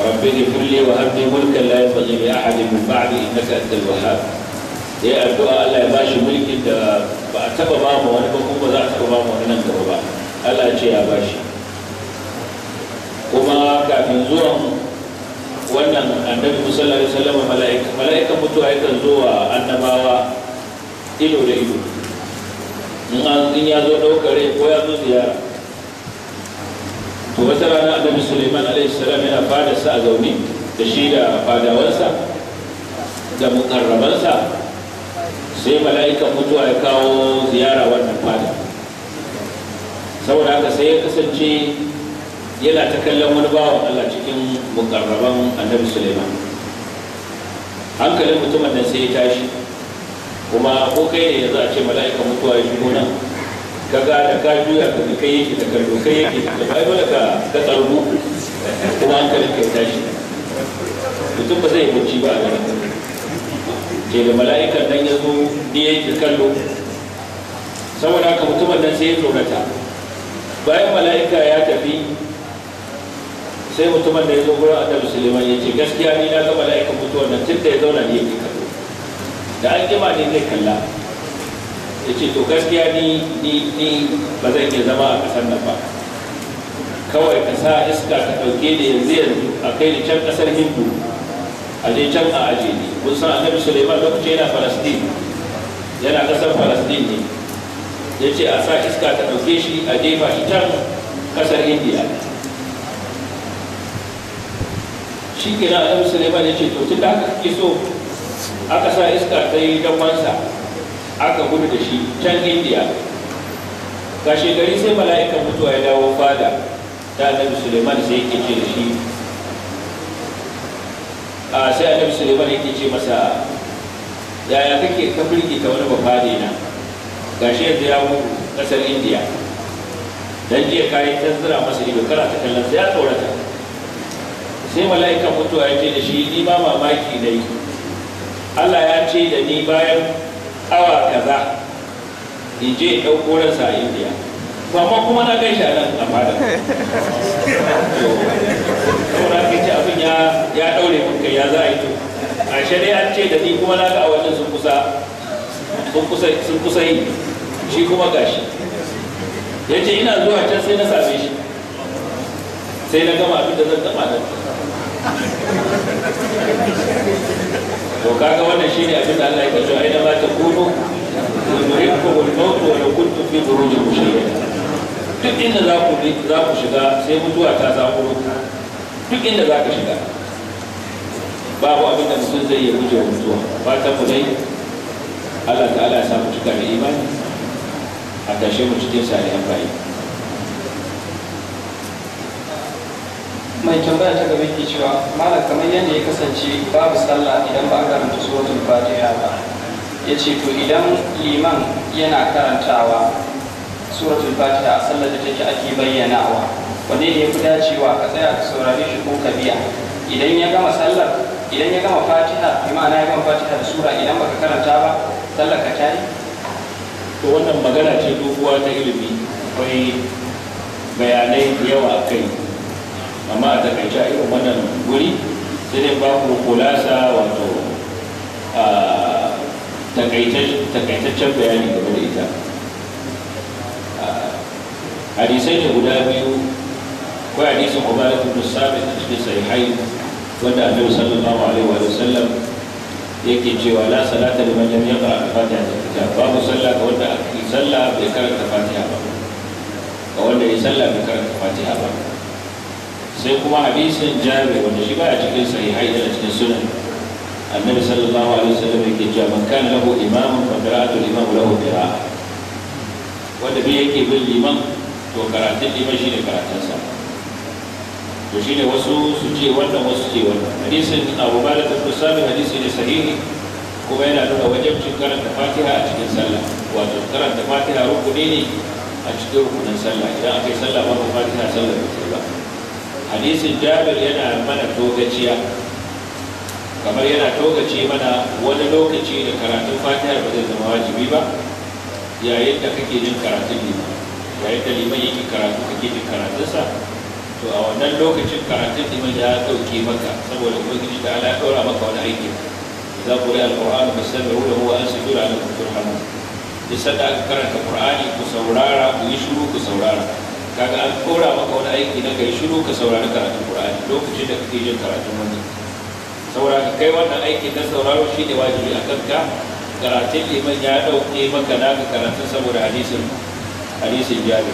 rabbi ne kulle wa hamdi mulkan la yanbaghi li ahadin min ba'di innaka antal wahhab ya yi addu'a Allah ya ba shi mulkin da ba a taɓa ba ma wani ba kuma ba za a taɓa ba ma wani nan gaba ba Allah ce ya ba shi kuma kafin zuwan wannan annabi musallar salama mala'ika mala'ikan mutuwa yakan zo wa annabawa ido da ido in ya zo ɗaukare ko ya zo ziyara to wata rana annabi suleiman alaihi salam yana sa a zaune da shi da fadawansa da mukarrabansa sai mala'ikan mutuwa ya kawo ziyara wannan fada saboda haka sai ya kasance yana ta kallon wani bawan Allah cikin mukarraban annabi suleiman hankalin mutumin nan sai ya tashi kuma ko kai ne yanzu a ce mala'ikan mutuwa ya shigo nan ka ga da ka juya ka kai yake da kallo kai yake da kallo ai dole ka ka tsargu kuma an ka ya tashi mutum ba zai bacci ba a garin ke da mala'ikan nan ya zo ne ya yake kallo saboda haka mutumin nan sai ya tsorata bayan mala'ika ya tafi sai mutumin da ya zo gurin annabi suleiman ya ce gaskiya ni na ga mala'ikan mutuwan nan tun da ya zauna ne ya yake kallo da an jima ne zai kalla ya ce to gaskiya ni ni ba zan iya zama a ƙasar nan ba kawai ka sa iska ta ɗauke da yanzu yanzu a kai ni can ƙasar hindu a je can a aje ne. kun san annabi suleiman lokacin yana falastin yana ƙasar falastin ne ya ce a sa iska ta ɗauke shi a jefa shi can ƙasar indiya shi kenan annabi suleiman ya ce to tun da aka kake so aka sa iska ta yi wansa aka gudu da shi can indiya ga shekari sai mala'ikan mutuwa ya dawo fada ta annabi suleiman sai yake ce da shi a sai annabi suleiman yake ce masa yaya kake ka birgita wani babba ne na Ga shi yanzu ya mutu kasar indiya dan jiya kayi tanzira masa ido kana ta kallon sai ya tsorata sai mala'ikan mutuwa ya ce da shi ni ba mamaki dai Allah ya ce da ni bayan awa kaza in je in ɗauko ran a indiya to amma kuma na gan shi a nan Ko na saboda ka ce abin ya ɗaure mun kai ya za a yi to a shari'a an ce da ni kuma na ga awannin sun kusa sun kusa yi shi kuma gashi ya ce ina zuwa can sai na same shi sai na gama abin da zan gama da to kaga wannan shine abin da Allah yake cewa aina ma takunu ko al-maut ko law kuntum ko burujin mushayyada duk inda za ku za ku shiga sai mutuwa ta zaɓuro duk inda za ka shiga babu abin da mutum zai iya guje mutuwa fatan mu dai Allah ta'ala ya samu cika da imani a tashe mu cikin salihan bayi mai tambaya ta gaba ke cewa malam kamar yadda ya kasance babu sallah idan ba karanta suratul fatiha ba ya ce to idan liman yana karantawa suratul fatiha a sallar da take ake bayyanawa wanne ne ya fi dacewa ka tsaya ka saurare shi ko ka biya idan ya gama sallar idan ya gama fatiha bi ma'ana ya gama fatiha da sura idan baka karanta ba sallar ka tayi to wannan magana ce doguwa ta ilimi akwai bayanai da yawa a kai amma a takaice a irin wannan guri sai dai ba ku kulasa wato takaitaccen bayani game da ita hadisai ne guda biyu ko hadisin ubarat ibn sabit a cikin sahihai wanda annabi sallallahu alaihi wa sallam yake cewa la salata liman lam yaqra al-fatiha kitab babu sallah ga wanda aka yi sallah bai karanta fatiha ba ga wanda ya sallah bai karanta fatiha ba sai kuma hadisin jabir wanda shi ba a cikin sahihai da cikin sunan annabi sallallahu alaihi wasallam yake cewa man kana lahu imamun fa qira'atul imam lahu qira'a wanda bai yake bin liman to karatun liman shine karatun sa to shine wasu su ce wannan wasu ce wannan hadisin Abu Bakar ibn Sami hadisi ne sahihi kuma yana nuna wajibcin karanta Fatiha a cikin sallah wato karanta Fatiha rukuni ne a cikin rukunin sallah idan aka yi sallah babu Fatiha sallah hadisin jabir yana mana togaciya kamar yana togaci mana wani lokaci da karatun fatihar ba zai zama wajibi ba yayin da kake jin karatun liman yayin da liman yake karatu kake jin karatunsa to a wannan lokacin karatun liman ya dauke maka saboda ubangiji da ala ɗora maka wani aiki za ku rai alƙur'ani musamman da huwa an su jura na kutur duk sanda aka karanta ƙur'ani ku saurara ku yi shiru ku saurara kaga an kora maka wani aiki na kai shiru ka saurari karatun qur'ani lokacin da kake jin karatun wani saurari ka kai wannan aikin na sauraro shi ne wajibi a kanka karatun liman ya dauke maka naka karatun saboda hadisin hadisin jabi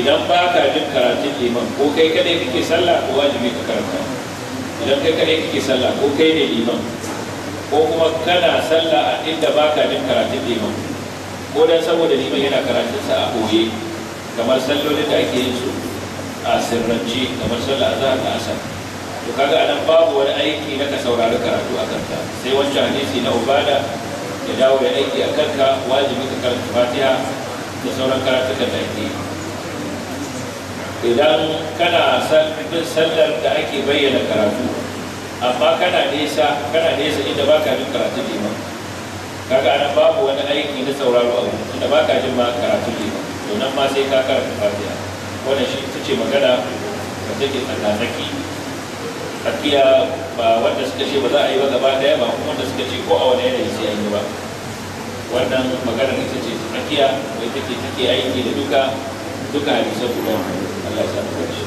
idan ba ka jin karatun liman ko kai kadai kake sallah ko wajibi ka karanta idan kai kadai kake sallah ko kai ne liman ko kuma kana sallah a inda ba ka jin karatun liman ko dan saboda liman yana karatun sa a boye kamar sallolin da ake yin su a sirrance kamar sallar azhar da asar to kaga anan babu wani aiki na ka saurari karatu a kanta sai wancan hadisi na ubada ya dawo ya aiki a kanka wajibi ka karanta fatiha da sauran karatukan da ake idan kana bin sallar da ake bayyana karatu amma kana nesa kana nesa inda baka jin karatu liman kaga anan babu wani aiki na sauraro abu inda baka jin ma karatu liman nan ma sai ka karanta fatiha wannan shi ta ce magana da take tsakatsaki tsakiya ba wanda suka ce ba za a yi ba gaba daya ba kuma wanda suka ce ko a wani yanayi sai an yi ba wannan magana ita ce tsakiya wai take take aiki da duka duka bisa kuma Allah ya sa ta shi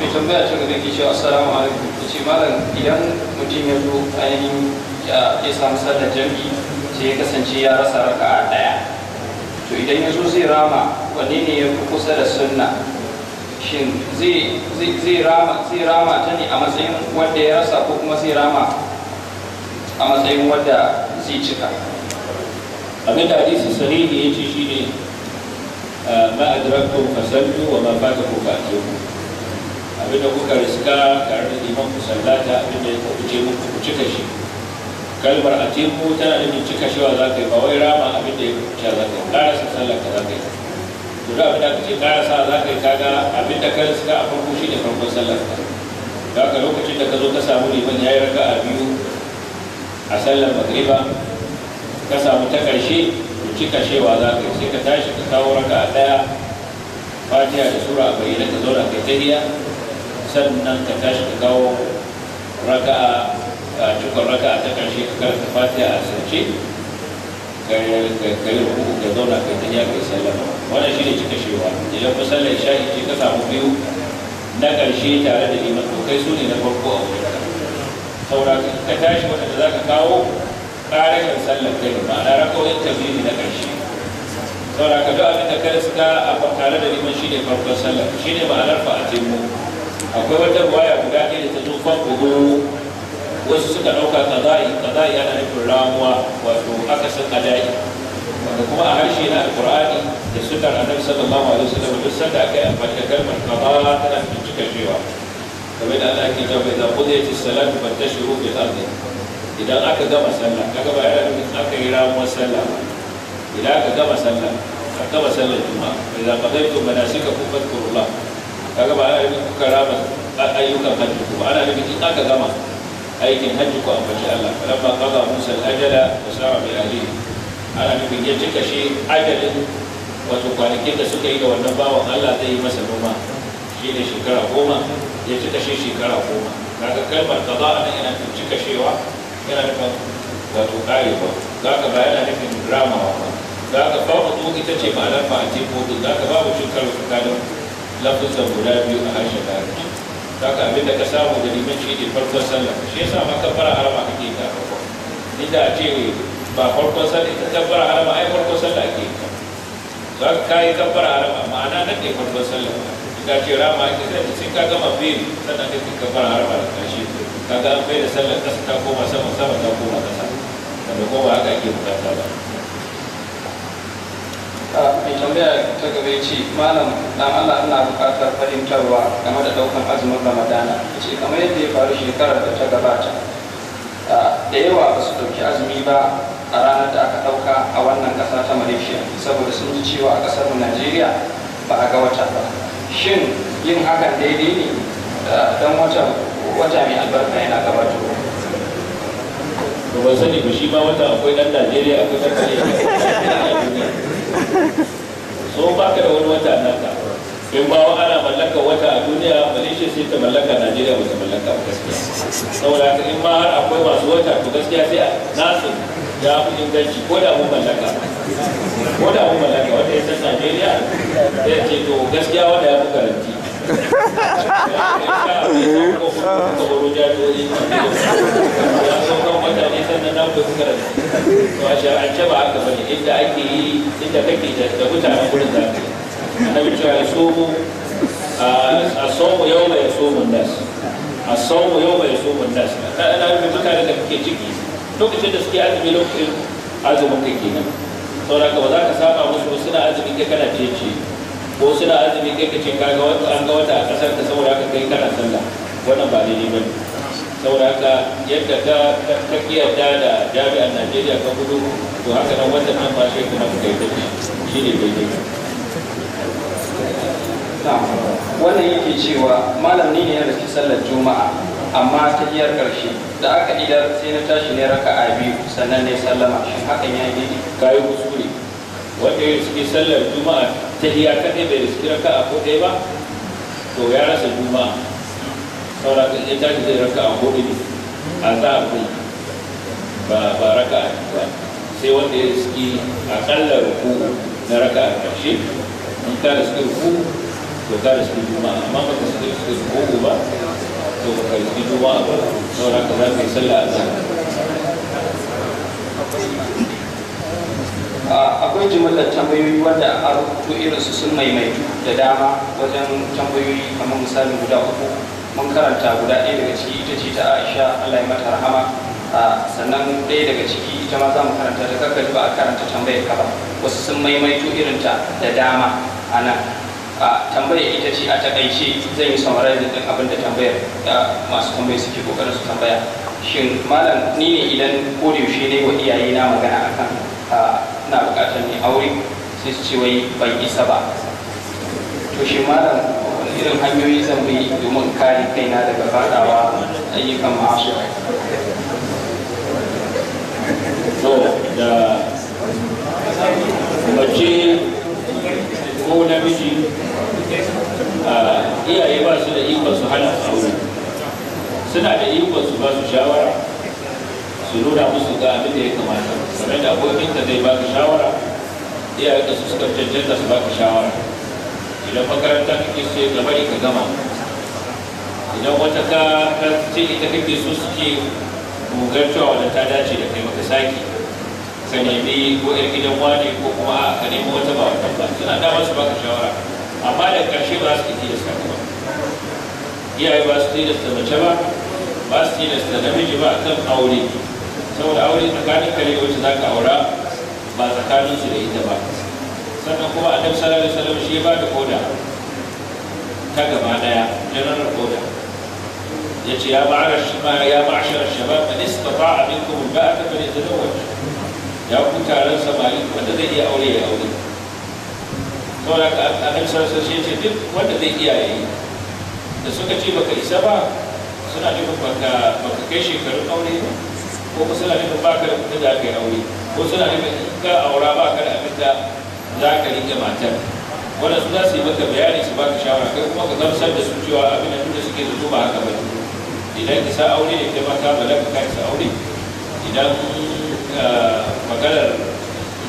mai tambaya ta gaba ke cewa assalamu alaikum ta ce malam idan mutum ya zo ainihin ya samu sallar jami'i sai ya kasance ya rasa raka'a daya to idan ya zo zai rama wanne ne ya fi kusa da sunna shin zai rama ta ne a matsayin wanda ya rasa ko kuma zai rama a matsayin wanda zai cika abin da hadisi sahihi ya ce shi ne ah, ma adraktum fasallu wa ma ku. fa'timu abin da kuka riska tare da liman ku sallata abin da ya kuce muku ku cika shi kalmar a teku tana da cika shawa za ka yi ba wai rama abin da ya rubuta za ka yi karasa sallar ka za ka yi to da abin da ka ce karasa za ka yi kaga abin da ka suka a farko shi ne farkon sallar ka da haka lokacin da ka zo ka samu liman ya yi raka a biyu a sallar magriba ka samu ta karshe ku cika shewa za ka yi sai ka tashi ka kawo raka a ɗaya fatiha da sura a bayyana ka zauna kai tahiya sannan ka tashi ka kawo raka'a a cikon raka a ta ƙarshe ka karanta fatiha a sarce ka yi ruku ka zauna ka ta ka yi sallama wannan shi ne cika shewa idan musallar sha'i ce ka samu biyu na karshe tare da liman to kai su ne na farko a wurin ka saura ka tashi waɗanda za ka kawo ƙarashin sallar kai ma'ana raka'o'in tafiye na ƙarshe saura ka duk abin da ka suka a tare da liman shi ne farkon sallar shi ne ma'anar fa'atin mu akwai wata waya guda ɗaya da ta zo farko wasu suka ɗauka kaza'i kaza'i ana nufin ramuwa wato san ada'i wanda kuma a harshe na alkur'ani da sunar annabi sallallahu alaihi wasallam duk sanda aka yi amfani da kalmar kaza tana cika cewa kamar da Allah ke zai ci salat as-salatu fantashiru fil ardi idan aka gama sallah kaga ba yana nufin aka yi ramuwar sallah idan aka gama sallah aka gama sallar juma'a idan ka manasikakum kurula kaga ba yana nufin kuka rama ayyukan hajji kuma ana nufin in aka gama aikin hajji ko ambaci Allah falamma qada Musa al-ajala wa sa'a bi ahlihi ana nufin ya cika shi ajalin wato kwanakin da suka yi da wannan bawan Allah zai yi masa noma shi ne shekara goma ya cika shi shekara goma kaga kalmar qada ana yana nufin cika shewa yana nufin wato karewa zaka ba yana nufin drama ba zaka ba mu ita ce ma'anar ba a teku zaka ba mu cin karo tsakanin lafazan guda biyu a harshen larabci saka abin da ka samu da liman shi ne farkon sallah shi yasa ma fara harama kake ta farko inda a ce ba farkon sallah ita fara harama ai farkon sallah ake ta za ka kayi kabbara harama ma'ana nan ne farkon sallah ka ce rama ake ta sai ka gama bin sannan kake fara harama da kashi kaga an bai da sallah kasa ta koma sama sama ta koma kasa da kuma haka ake bukata ba mai tambaya ta gaba ya ce malam dan Allah ina buƙatar fahimtarwa game da ɗaukan azumin ramadana ya ce kamar yadda ya faru shekarar da ta gabata da yawa ba su ɗauki azumi ba a ranar da aka ɗauka a wannan ƙasa ta malaysia saboda sun ji cewa a ƙasar najeriya ba a ga wata ba shin yin hakan daidai ne don wata wata mai albarka yana gabato ba sani ba shi ba wata akwai ɗan najeriya akwai ɗan so ka da wani wata naka in ba ana mallaka wata a duniya malaysia sai ta mallaka najeriya ba ta mallaka ba gaskiya saboda haka in ma har akwai masu wata to gaskiya sai a nasu ya fi inganci ko da mun mallaka ko da mun mallaka wata ya san najeriya zai ce to gaskiya wanda ya fi karanti inda ake yi da mutanen kudin ya a somo yau mai somo a yau ciki lokacin da suke azumi lokacin azumin kake nan saboda ka ba za ka saba musu suna azumi kai kana ciye ciye ko suna azumi kai ka ce an ga wata a kasar ka saboda haka kai kana sallah wannan ba daidai ba ne saboda haka yadda ka ka kiyarda da jami'an najeriya ka gudu to haka nan wannan nan bashi ka na ka kai da shi ne daidai wannan yake cewa malam ni ne ya rafi sallar juma'a amma ta hiyar karshe da aka idar sai na tashi ne raka a biyu sannan ne sallama shi hakan ya yi kayi kuskure wanda ya suke sallar juma'a ta iya kaɗai bai riski raka a ko ɗaya ba to ya rasa juma'a saboda ka iya tashi zai raka a ko ɗaya a za a kai ba ba raka a ba sai wanda ya riski aƙalla ruku na raka a ƙarshe in ka riski ruku to ka riski juma'a amma ba ka riski ruku ba to ba ka riski juma'a ba saboda ka za ka yi sallah a zahar akwai jimillar tambayoyi wanda a rubutu irinsu sun maimaitu da dama wajen tambayoyi kamar misali guda uku mun karanta guda ɗaya daga ciki ita ce ta aisha allah ya mata rahama sannan ɗaya daga ciki ita ma za mu karanta ta kakkaji ba a karanta tambayar ka ba wasu sun maimaito irinta da dama a nan tambayar ita ce a taƙaice zan yi samarai da abin da tambayar masu tambayar suke kokarin su tambaya shin malam ni ne idan ko da yaushe ne wa iyaye na magana akan na bukatar ne aure sai su ce wai bai isa ba to shi malam irin hanyoyi zan bi domin kare kaina daga fadawa ayyukan masu so da mace ko namiji iyaye ba su da ikon su hana aure suna da ikon su ba su shawara su nuna musu ga abin da ya kamata kamar da ta zai baka shawara iyayenka su suka cancanta su baka shawara idan makaranta kake so ya gabari ka gama idan wata ka ce ita kake so suke dogar cewa wadda ta dace da kai maka saki ka nemi ko yan gidan wani ko kuma ka nemi wata ba wata ba suna dama su baka shawara amma da karshe ba su iya saka ba iyaye ba su tilasta mace ba ba su tilasta namiji ba kan aure saboda aure tsakanin kare wacce za ka aura ba tsakanin su da ita ba sannan kuma annabi sallallahu alaihi wasallam shi ba da koda ta gaba daya general koda yace ya ma'ara shima ya ma'ashar shabab man istata'a minkum al-ba'a falyatazawwaj ya ku taron samari wanda zai iya aure ya aure saboda ka annabi sallallahu alaihi wasallam duk wanda zai iya yi. da suka ce baka isa ba suna nufin baka kai shekarun aure ba ko kuma suna nufin ba ka da kuɗin za ka yi aure ko suna nufin in ka aura ba ka da abin da za ka rike matar wanda su za su yi maka bayani su ba ka shawara kai kuma ka gamsar da su cewa abin da duka suke zato ba haka ba idan ka sa aure ne ka ma ba balaga ka sa aure idan eh, maganar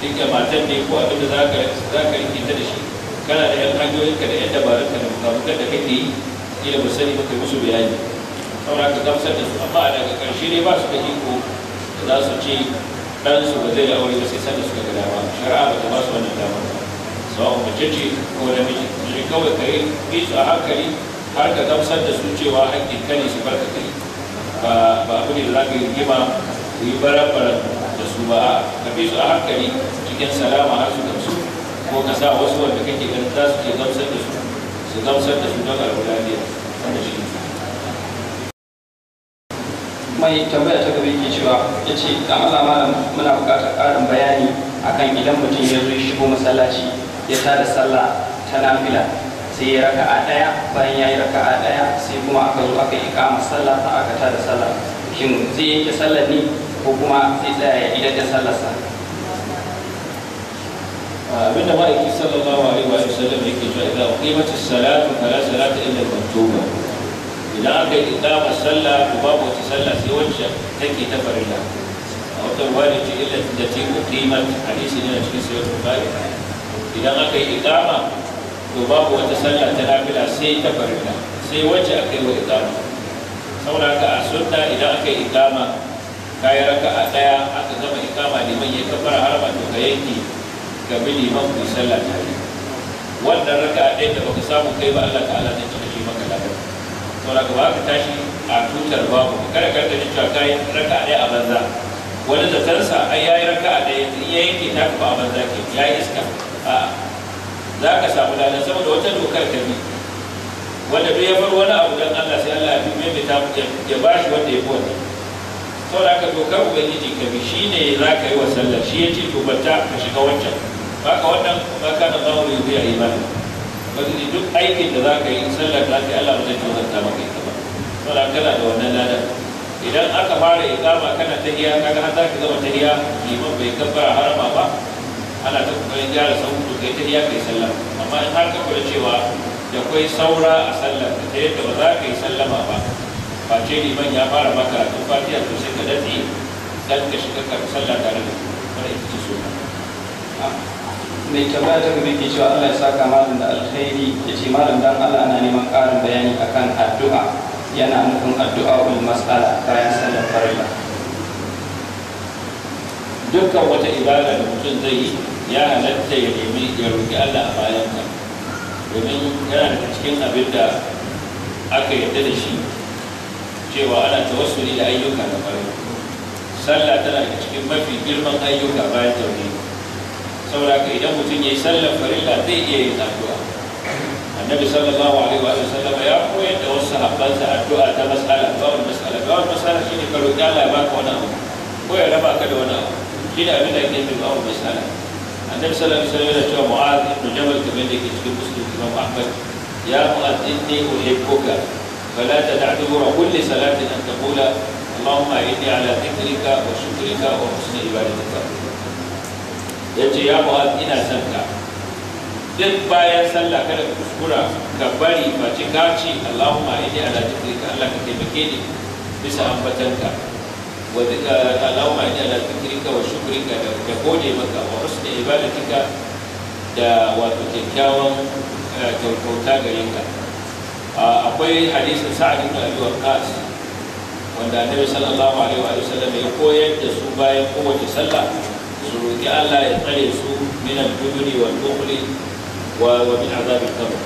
rike matar ne ko abin da za ka rike ta da shi kana da yan hanyoyinka da yan dabarunka da mukamukan da kake yi ila musali maka musu bayani saboda ka gamsar da su amma daga karshe ne ba su da iko da za su ce su ba zai aure ba sai sanda suka ga dama shari'a ba ta ba su wannan dama sau mace ce ko miji shi kawai ka yi bi su a hankali har ka gamsar da su cewa hakkin ka ne su ka kai ba ba abu ne da za ka yi rigima ku yi barabara da su ba ka bi su a hankali cikin salama har su gamsu ko ka sa wasu wanda kake ganin za su ke gamsar da su su gamsar da su don alwala ne wanda shi mai tambaya ta gaba yake cewa ya ce da Allah malam muna buƙatar ƙarin bayani akan idan mutum ya zo shigo masallaci ya tada sallah ta nafila sai ya raka a ɗaya bayan ya yi raka a ɗaya sai kuma aka zo aka yi kama sallah ta aka tada sallah shin zai yanke sallar ne ko kuma zai tsaya ya idan da sa. abinda ma'aiki sallallahu alaihi wa sallam yake zuwa idan mace salatu kala salatu inda maktuba idan aka yi iqama sallah ko babu wata sallah sai wacce take ta farilla a wata da ce illa da ta uqimat hadisi ne a cikin sahih bukhari idan aka yi iqama ko babu wata sallah ta nafila sai ta farilla sai wacce aka yi wa iqama saboda ka a sunna idan aka yi iqama kayi raka a daya aka gama iqama liman ya kafara harama to ka yanke ga liman ku sallah tare wannan raka ɗaya da baka samu kai ba Allah ta'ala ne saboda ka ba ka tashi a tutar babu kada ka rika cewa kai raka ɗaya a banza wani zatarsa ai yayi raka ɗaya in ya yanke ta ba a banza ke ya yi iska a za ka samu ladan saboda wata dokar ka bi wanda duk ya bar wani abu don Allah sai Allah ya bi mai ta ya ba shi wanda ya fi wannan saboda haka dokar ubangiji ka bi ne za ka yi wa sallar shi ya ce to ta ka shiga wancan ba ka wannan baka da zawo ne zai yi imani ubangiji duk aikin da za ka yi sallar ta ce Allah zai tozarta maka ita ba saboda kana da wannan ladan idan aka fara iqama kana iya kaga har za ka gama iya liman bai kabbara harama ba ana ta kokarin gyara sauku kai ta iya kai sallah amma in har ka kula cewa da kwai saura a sallar da ta yadda ba za ka yi sallama ba face liman ya fara maka karatun fatiha to sai ka datse dan ka shiga ka sallah tare da kuma ita ce suna mai tambaya ta gaba cewa Allah ya saka malam da alkhairi ya ce malam dan Allah ana neman karin bayani akan addu'a yana nufin addu'a ul mas'ala bayan sallar farilla dukkan wata ibada da mutum zai yi ya halatta ya nemi ya roƙi Allah a bayan ta domin yana da cikin abin da aka yarda da shi cewa ana tawassuli da ayyuka na farilla sallah tana da cikin mafi girman ayyuka bayan tauhid saboda idan mutum ya yi sallar farilla zai iya yin addu'a annabi sallallahu alaihi wa sallam ya koyi da wasu sahabbansa addu'a ta mas'ala ba wani mas'ala ba wani mas'ala shi ne karo ya lama ya baka wani abu ko ya raba ka da wani abu shi ne abin da ake nufi ba wani mas'ala annabi sallallahu alaihi wa sallam yana cewa mu'az ibn jabal kamar da ke cikin muslim imam muhammad ya mu'az ne ne inni uhibbuka فلا تدع دبر كل صلاة أن تقول اللهم إني على ذكرك وشكرك وحسن عبادتك ya ce ya ina son ka duk bayan sallah kada ka kuskura ka bari ba ka gaci Allahumma inni ala zikrika Allah ka taimake ni bisa ambatanka wa ah, Allahumma inni ala zikrika wa shukrika da gode maka wa husni ibadatika da wato kyakkyawan eh, kyauta gare ka ah, akwai hadisin sa'ad ibn abi waqas wanda annabi sallallahu alaihi wa sallam ya koyar da su bayan kowace sallah بشروط الا يختلف من الجبن والبخل ومن عذاب القبر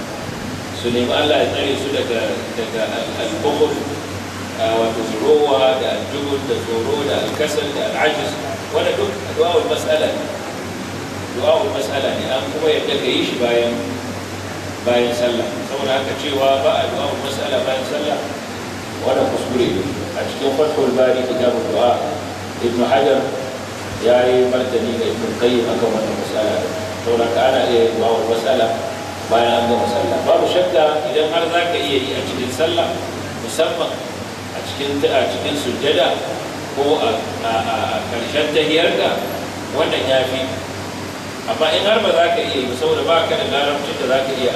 سنيم الا يختلف لك البخل آه، وتزروع الجبن تزورون الكسل العجز ولا دعاء المساله دعاء المساله لان هو يبتدئ ايش باين باين سلم سوره كتشي وباء دعاء المساله باين سلم ولا مصبرين اشتم فتح الباري كتاب الدعاء ابن حجر ya yi martani ga ibn qayyim akan wannan masala saboda ka ana iya yin bawa masala bayan an gama sallah babu shakka idan har za ka iya yi a cikin sallah musamman a cikin a cikin sujjada ko a ƙarshen tahiyarka wannan ya fi amma in har ba za ka iya yi saboda ba ka da larabcin da za ka iya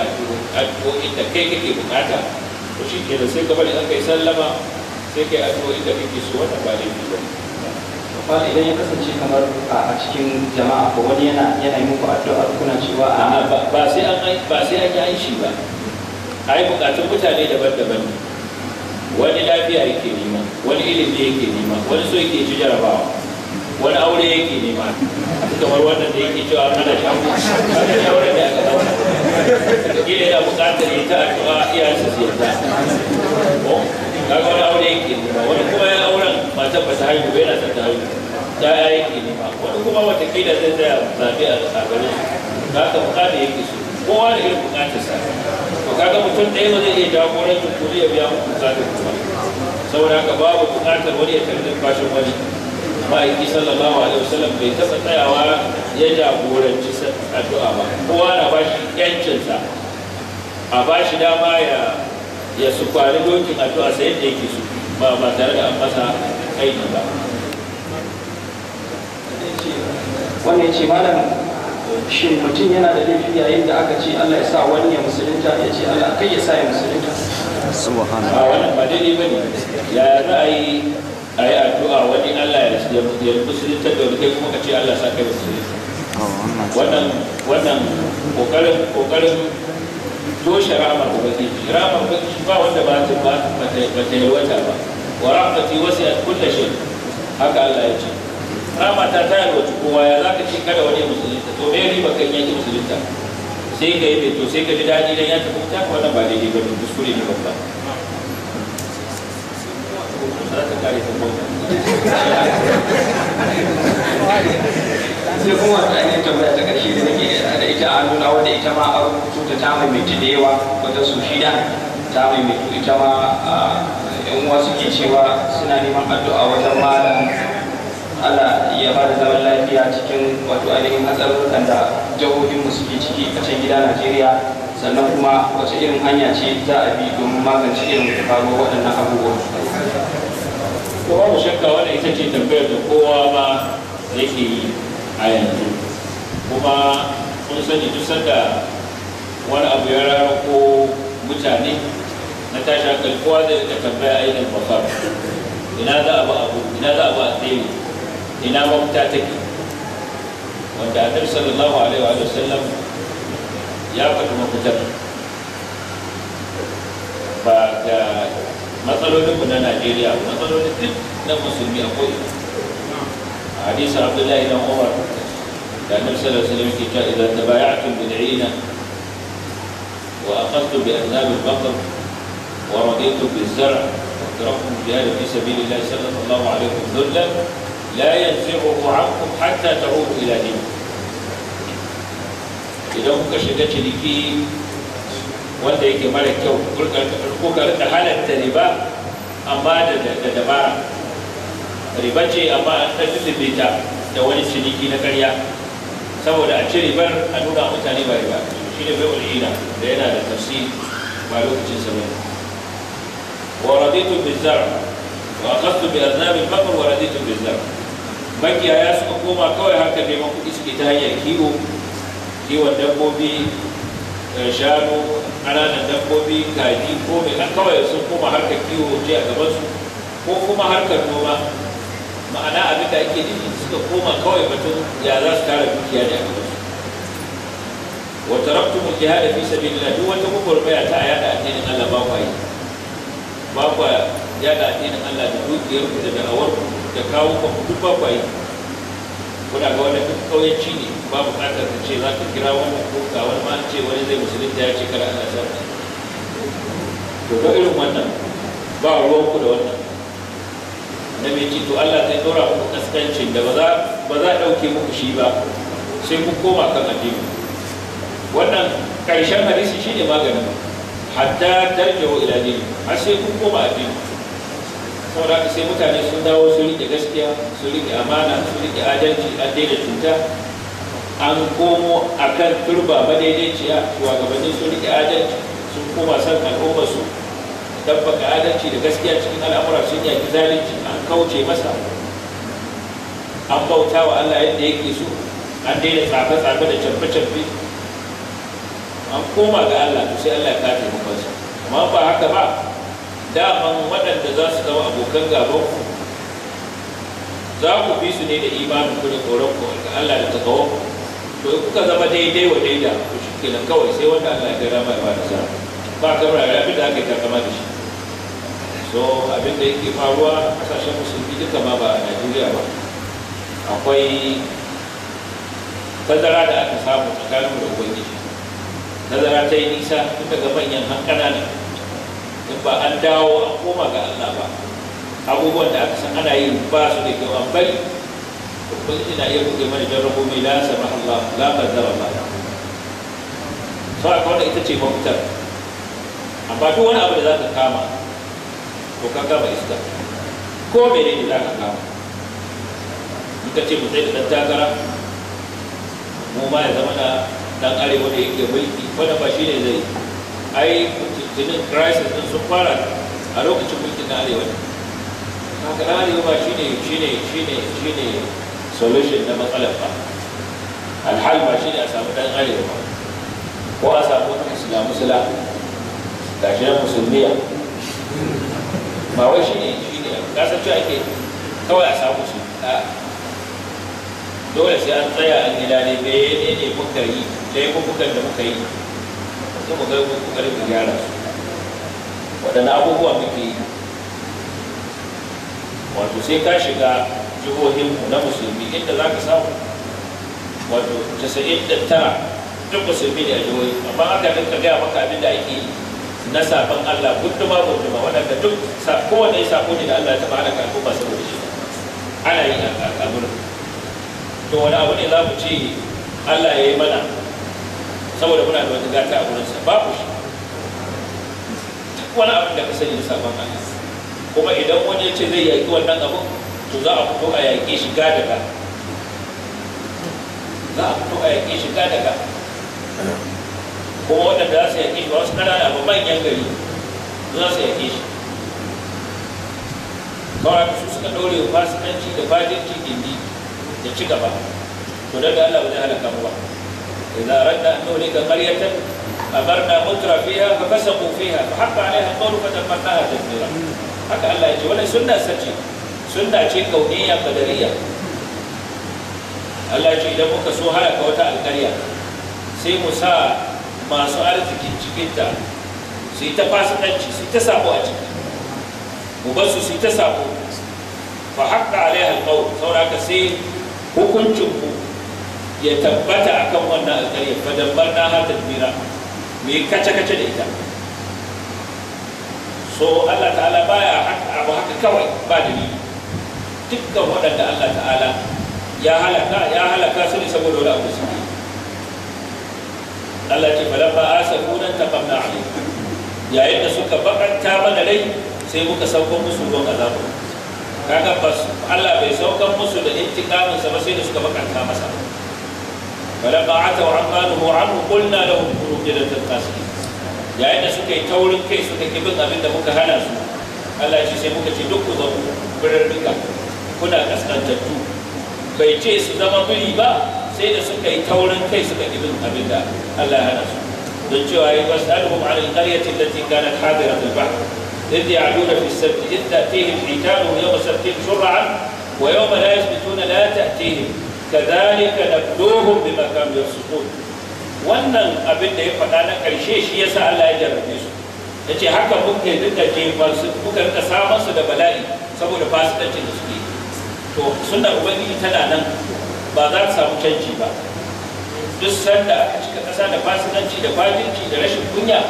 addu'o'in da kai kake bukata to shi ke da sai ka bari an kai sallama sai kai addu'o'in da kake so wannan ba laifi ba Fala idan ya kasance kamar a cikin jama'a ko wani yana yana yi muku addu'a kuna cewa a ba sai an ba sai an yi shi ba. Ai bukatun mutane daban-daban ne. Wani lafiya yake nema, wani ilimi yake nema, wani so yake ci jarabawa, wani aure yake nema. Kamar wannan da yake cewa ana shi an aure da aka daura. Kila yana bukatar ita addu'a iyayensa su yarda. har wani aure yake ba wani kuma ya auren matar ba ta haihu ba yana son ta haihu ta ya yake ba wani kuma wata watakila zai tsaya zaɓe a garin su haka bukata yake so kowa da irin bukatarsa ka ga mutum ɗaya ba zai iya jagorancin ko zai biya muku bukatar kuma saboda haka babu bukatar wani ya tarbi bashin wani ma'aiki sallallahu alaihi wasallam bai taɓa tsayawa ya jagoranci addu'a ba kowa na bashi ƴancinsa a bashi dama ya ya su kwari dokin addu'a sai yadda yake su ba ba tare da an aiki ba wannan ce malam shin mutum yana da laifi yayin da aka ce Allah ya sa wani ya musulunta ya ce Allah kai ya sa ya musulunta subhanallah ba wannan ba ne bane ya ra'ayi ayi addu'a wani Allah ya musulunta da kai kuma ka ce Allah ya sa kai musulunta oh, wannan wannan kokarin kokarin toshe ramar da baki ramar baki ba wanda ba ta ba ta yi wata ba wa rahmati wasi a kulla shi haka Allah ya ce rama ta ta yalwa kowa ya za ka ce kada wani musulunta to me riba kan yake musulunta sai ka yi ne to sai ka ji daɗi dan ya kuma wuta ko wannan ba daidai ba ne kuskure ne babba za ta kare ta sai kuma wata ta tambaya ta ƙarshe da nake da ita a nuna wadda ita ma a rubutu ta ta maimaitu da yawa wata su shida ta maimaitu ita ma yan uwa suke cewa suna neman addu'a wajen malam Allah ya ba da zaman lafiya cikin wato ainihin hatsarurrukan da jihohinmu suke ciki a can gida Najeriya sannan kuma wace irin hanya ce za a bi domin magance irin faruwar waɗannan abubuwan. Kowa mu shakka wannan ita ce tambayar da kowa ba yake yi a yanzu kuma kun sani duk sanda wani abu ya rarrako mutane na tashi hankali kowa zai rika tambaya idan bakar ina za a ba abu ina za a ba tsaye ina mafita take wanda annabi sallallahu alaihi wa sallam ya faɗi mafitar ba ga matsalolin na Najeriya matsalolin duk na musulmi a ko'ina حديث عبد الله بن عمر كان النبي صلى الله عليه وسلم إذا تبايعتم بالعينة وأخذتم بأذناب البقر ورضيتم بالزرع واتركتم الجهاد في سبيل الله سلط الله عليكم ذلا لا ينزعه عنكم حتى تعودوا إلى دينكم idan kuka shiga ciniki wanda yake mara kyau kuka rika halatta riba riba ce amma an ɗan ta da wani ciniki na karya saboda a ci ribar a nuna mutane ba riba shi ne bai ulina da yana da tafsir ba lokacin sa bane wa raditu bizar wa aqastu bi aznab al-baqr wa raditu bizar suka koma kawai harkar neman kuɗi suke ta hanyar kiwo kiwon dabbobi eh, shanu ƙananan dabbobi kaji ko mai kawai sun koma harkar kiwo ce a gabansu ko kuma harkar noma ma'ana abin da ake nufi suka koma kawai batun ya za su tara dukiya ne a gaban su wa taraktum al-jihad fi sabilillah duk wata gwagwarmaya ta a yada addinin Allah ba ku yi ba ku yada addinin Allah da dukiyar ku da da'awar ku da kawo ku duk ba ku yi kuna ga wani duk kauyanci ne ba bukatar ka ce za ka kira wani ko ga wani ma ce wani zai musulunta ya ce kada ana sa to ga irin wannan ba ruwan ku da wannan annabi ce to Allah zai dora muku kaskancin da ba za a ɗauke muku shi ba sai ku koma kan addini wannan ƙarshen hadisi shine magani hatta tarjawo ila dini har sai kun koma addini saboda haka sai mutane sun dawo sun rike gaskiya sun rike amana sun rike adalci an daina cuta an komo a kan turba madaidaiciya shugabanni sun rike adalci sun koma san al'ummarsu tabbaka adalci da gaskiya cikin al'amura sun yaki zalunci kauce masa an bauta wa Allah yadda yake so an daina tsafe-tsafe da camfe-camfe an koma ga Allah to sai Allah ya kafe mukansa amma ba haka ba daman waɗanda za su zama abokan gabanku za ku bi su ne da imanin ku da tsoronku ga Allah da takawon to in kuka zama daidai wa daida ku shi kawai sai wanda Allah ya gara mai ba da sa ba kamar ya fi da aka yi takama da shi so abin da yake faruwa a kasashen musulmi duka ma ba a najeriya ba akwai tazara da aka samu tsakanin da ubangiji tazara ta yi nisa tun daga manyan hankana ne in ba an dawo an koma ga allah ba abubuwan da aka san ana yi ba su da kyau an bari ubangiji na iya buɗe mana jarrabo mai la ma allah lamar zama ba so a kawai ita ce mafitar amma duk wani abu da za ka kama to ka kama iska ko mene ne za ka kama in ka ce mu tsaye da ɗan takara mu ma ya zama na ɗan arewa da yake mulki wanda ba shi ne zai ai tuntunin crisis ɗin sun fara a lokacin mulkin na arewa ne haka na arewa ba shi ne shi ne shi ne shi ne solution na matsalar ba alhal ba shi ne a samu ɗan arewa ba ko a samu wata islamu sila gashi na musulmiya ba wai shi ne shi ne kasar cewa ake kawai a samu su a dole sai an tsaya an gida ne ya ne ne muka yi laifukan da muka yi sai mu ga kokarin mu gyara su waɗanne abubuwa muke yi wato sai ka shiga jihohinmu na musulmi inda za ka samu wato 99 duk musulmi ne a jihohi amma aka ka gaya maka abin da ake yi na saban Allah guduma guduma waɗanda duk kowane ya sako ne da Allah ta bada karfi kuma saboda shi ana yi a gurin to wani abu ne za ku ce Allah ya yi mana saboda muna da wata gata a gurinsa ku shi duk wani abu da ka sani na saban Allah kuma idan wani ya ce zai yaƙi wannan abu to za a fito a yaƙe shi gada za a fito a yaƙe shi gada ga kuma waɗanda za su yake shi wasu ƙanana ba manyan gari za su yake shi kawai su suka ɗaure wa fasikanci da fajirci gindi da ci gaba to daga Allah ba zai halaka ba إذا أردنا أن نهلك قرية ka متر فيها ففسقوا فيها ka عليها القول فدمرناها Ba haka Allah ya ce wani sunna sace sunna ce kauniya kadariya Allah ya ce idan muka so halaka wata alƙarya sai mu sa masu cikin cikinta su yi ta fasikanci su yi ta sabo a ciki ubansu su yi ta sabo fa haƙa alaiha alƙawu sauraka sai hukuncinku ya tabbata a kan wannan alƙarya fa dabbar na har da mu mai kace-kace da ita so Allah ta'ala baya abu haka kawai ba da ni, dukkan waɗanda Allah ta'ala ya halaka su ne saboda wani abu ne Allah ce falamma asafuna taqamna alayhi yayin da suka bakanta mana rai sai muka sauko musu ruwan azabu kaga bas Allah bai saukan musu da intikamin sa ba sai da suka bakanta masa falamma atau amma nuhu anhu qulna lahum kunu qilatal qasirin yayin da suka yi taurin kai suka ki bin abin da muka hana su Allah ce sai muka ce duk ku birrika duka kuna kaskantattu bai ce su zama biri ba sai da suka yi taurin kai suka ki bin abin da Allah ya hana su don cewa yi wasu alhum ala da allati kanat hadirat al-bahr إذ يعدون في السبت إذ تأتيهم حيتانهم يوم سبتهم شرعا ويوم لا Ka da تأتيهم كذلك نبلوهم بما كانوا يفسقون wannan abin da ya faɗa na ƙarshe shi ya sa Allah ya jarrabe su ya ce haka muka yi duka jefar su muka rika samun su da bala'i saboda fasikancin da suke to sunan ubangiji tana nan ba za ta samu canji ba duk sanda a cika ƙasa da fasikanci da fajinci da rashin kunya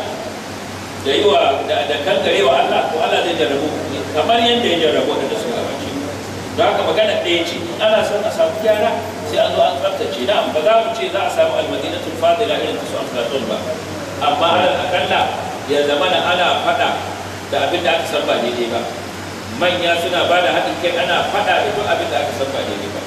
da yi wa da kankare wa Allah ko Allah zai jarrabu kamar yadda ya jarrabu da suka gabace don haka magana ɗaya ce in ana son a samu gyara sai an zo an tsaftace na ba za mu ce za a samu almadinatul fadila irin ta su aflatun ba amma alal akalla ya zama na ana faɗa da abin da aka san ba daidai ba manya suna ba da haɗin kai ana faɗa da duk abin da aka san ba daidai ba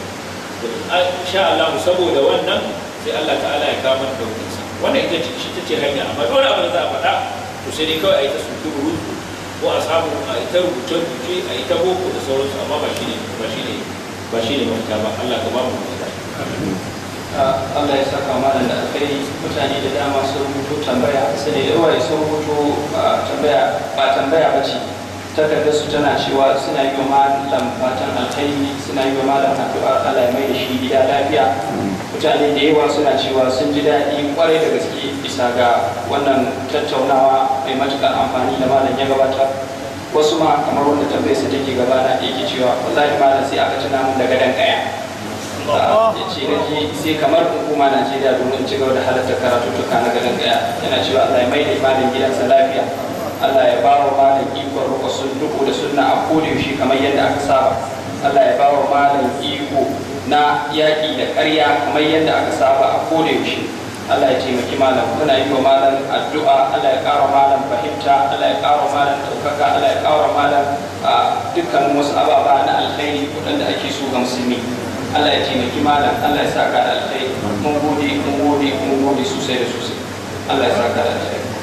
insha Allah saboda wannan sai Allah ta'ala ya kama da wurinsa wannan ita ce ta ce hanya amma dole abin da za a faɗa to sai dai kawai a yi ta sutu rubutu ko a samu a yi ta rubuce rubuce a yi ta boko da sauransu amma ba shine ba shine ba shine mafita ba Allah ka ba mu mafita ah, Allah ya saka malam da alkhairi mutane da dama sun rubuto tambaya sai da yawa sun rubuto ah, tambaya ba tambaya ba ce takardar su tana cewa suna yi wa malam fatan alkhairi suna yi wa malam addu'a Allah ya mai da shi gida lafiya mutane da yawa suna cewa sun ji daɗi kwarai da gaske bisa ga wannan tattaunawa mai matuƙar amfani da malam ya gabata wasu ma kamar wanda tambayar su take gaba na ke cewa wallahi malam sai aka tuna mun daga dan kaya ya ce na ji sai kamar hukuma Najeriya domin ci gaba da halatta tuka na gadon kaya yana cewa Allah ya mai da malam gidansa lafiya Allah ya bawa malam iko ruka sun duku da suna a kodayaushe kamar yadda aka saba Allah ya bawa malam iko na yaƙi da ƙarya kamar yadda aka saba a kodayaushe Allah ya taimaki malam kuna yi wa malam addu'a Allah ya ƙara malam fahimta Allah ya ƙara malam ɗaukaka Allah ya ƙara malam a dukkan wasu ababa na alkhairi waɗanda ake so ga musulmi Allah ya taimaki malam Allah ya saka da alkhairi mun gode mun gode mun gode sosai da sosai Allah ya saka da alkhairi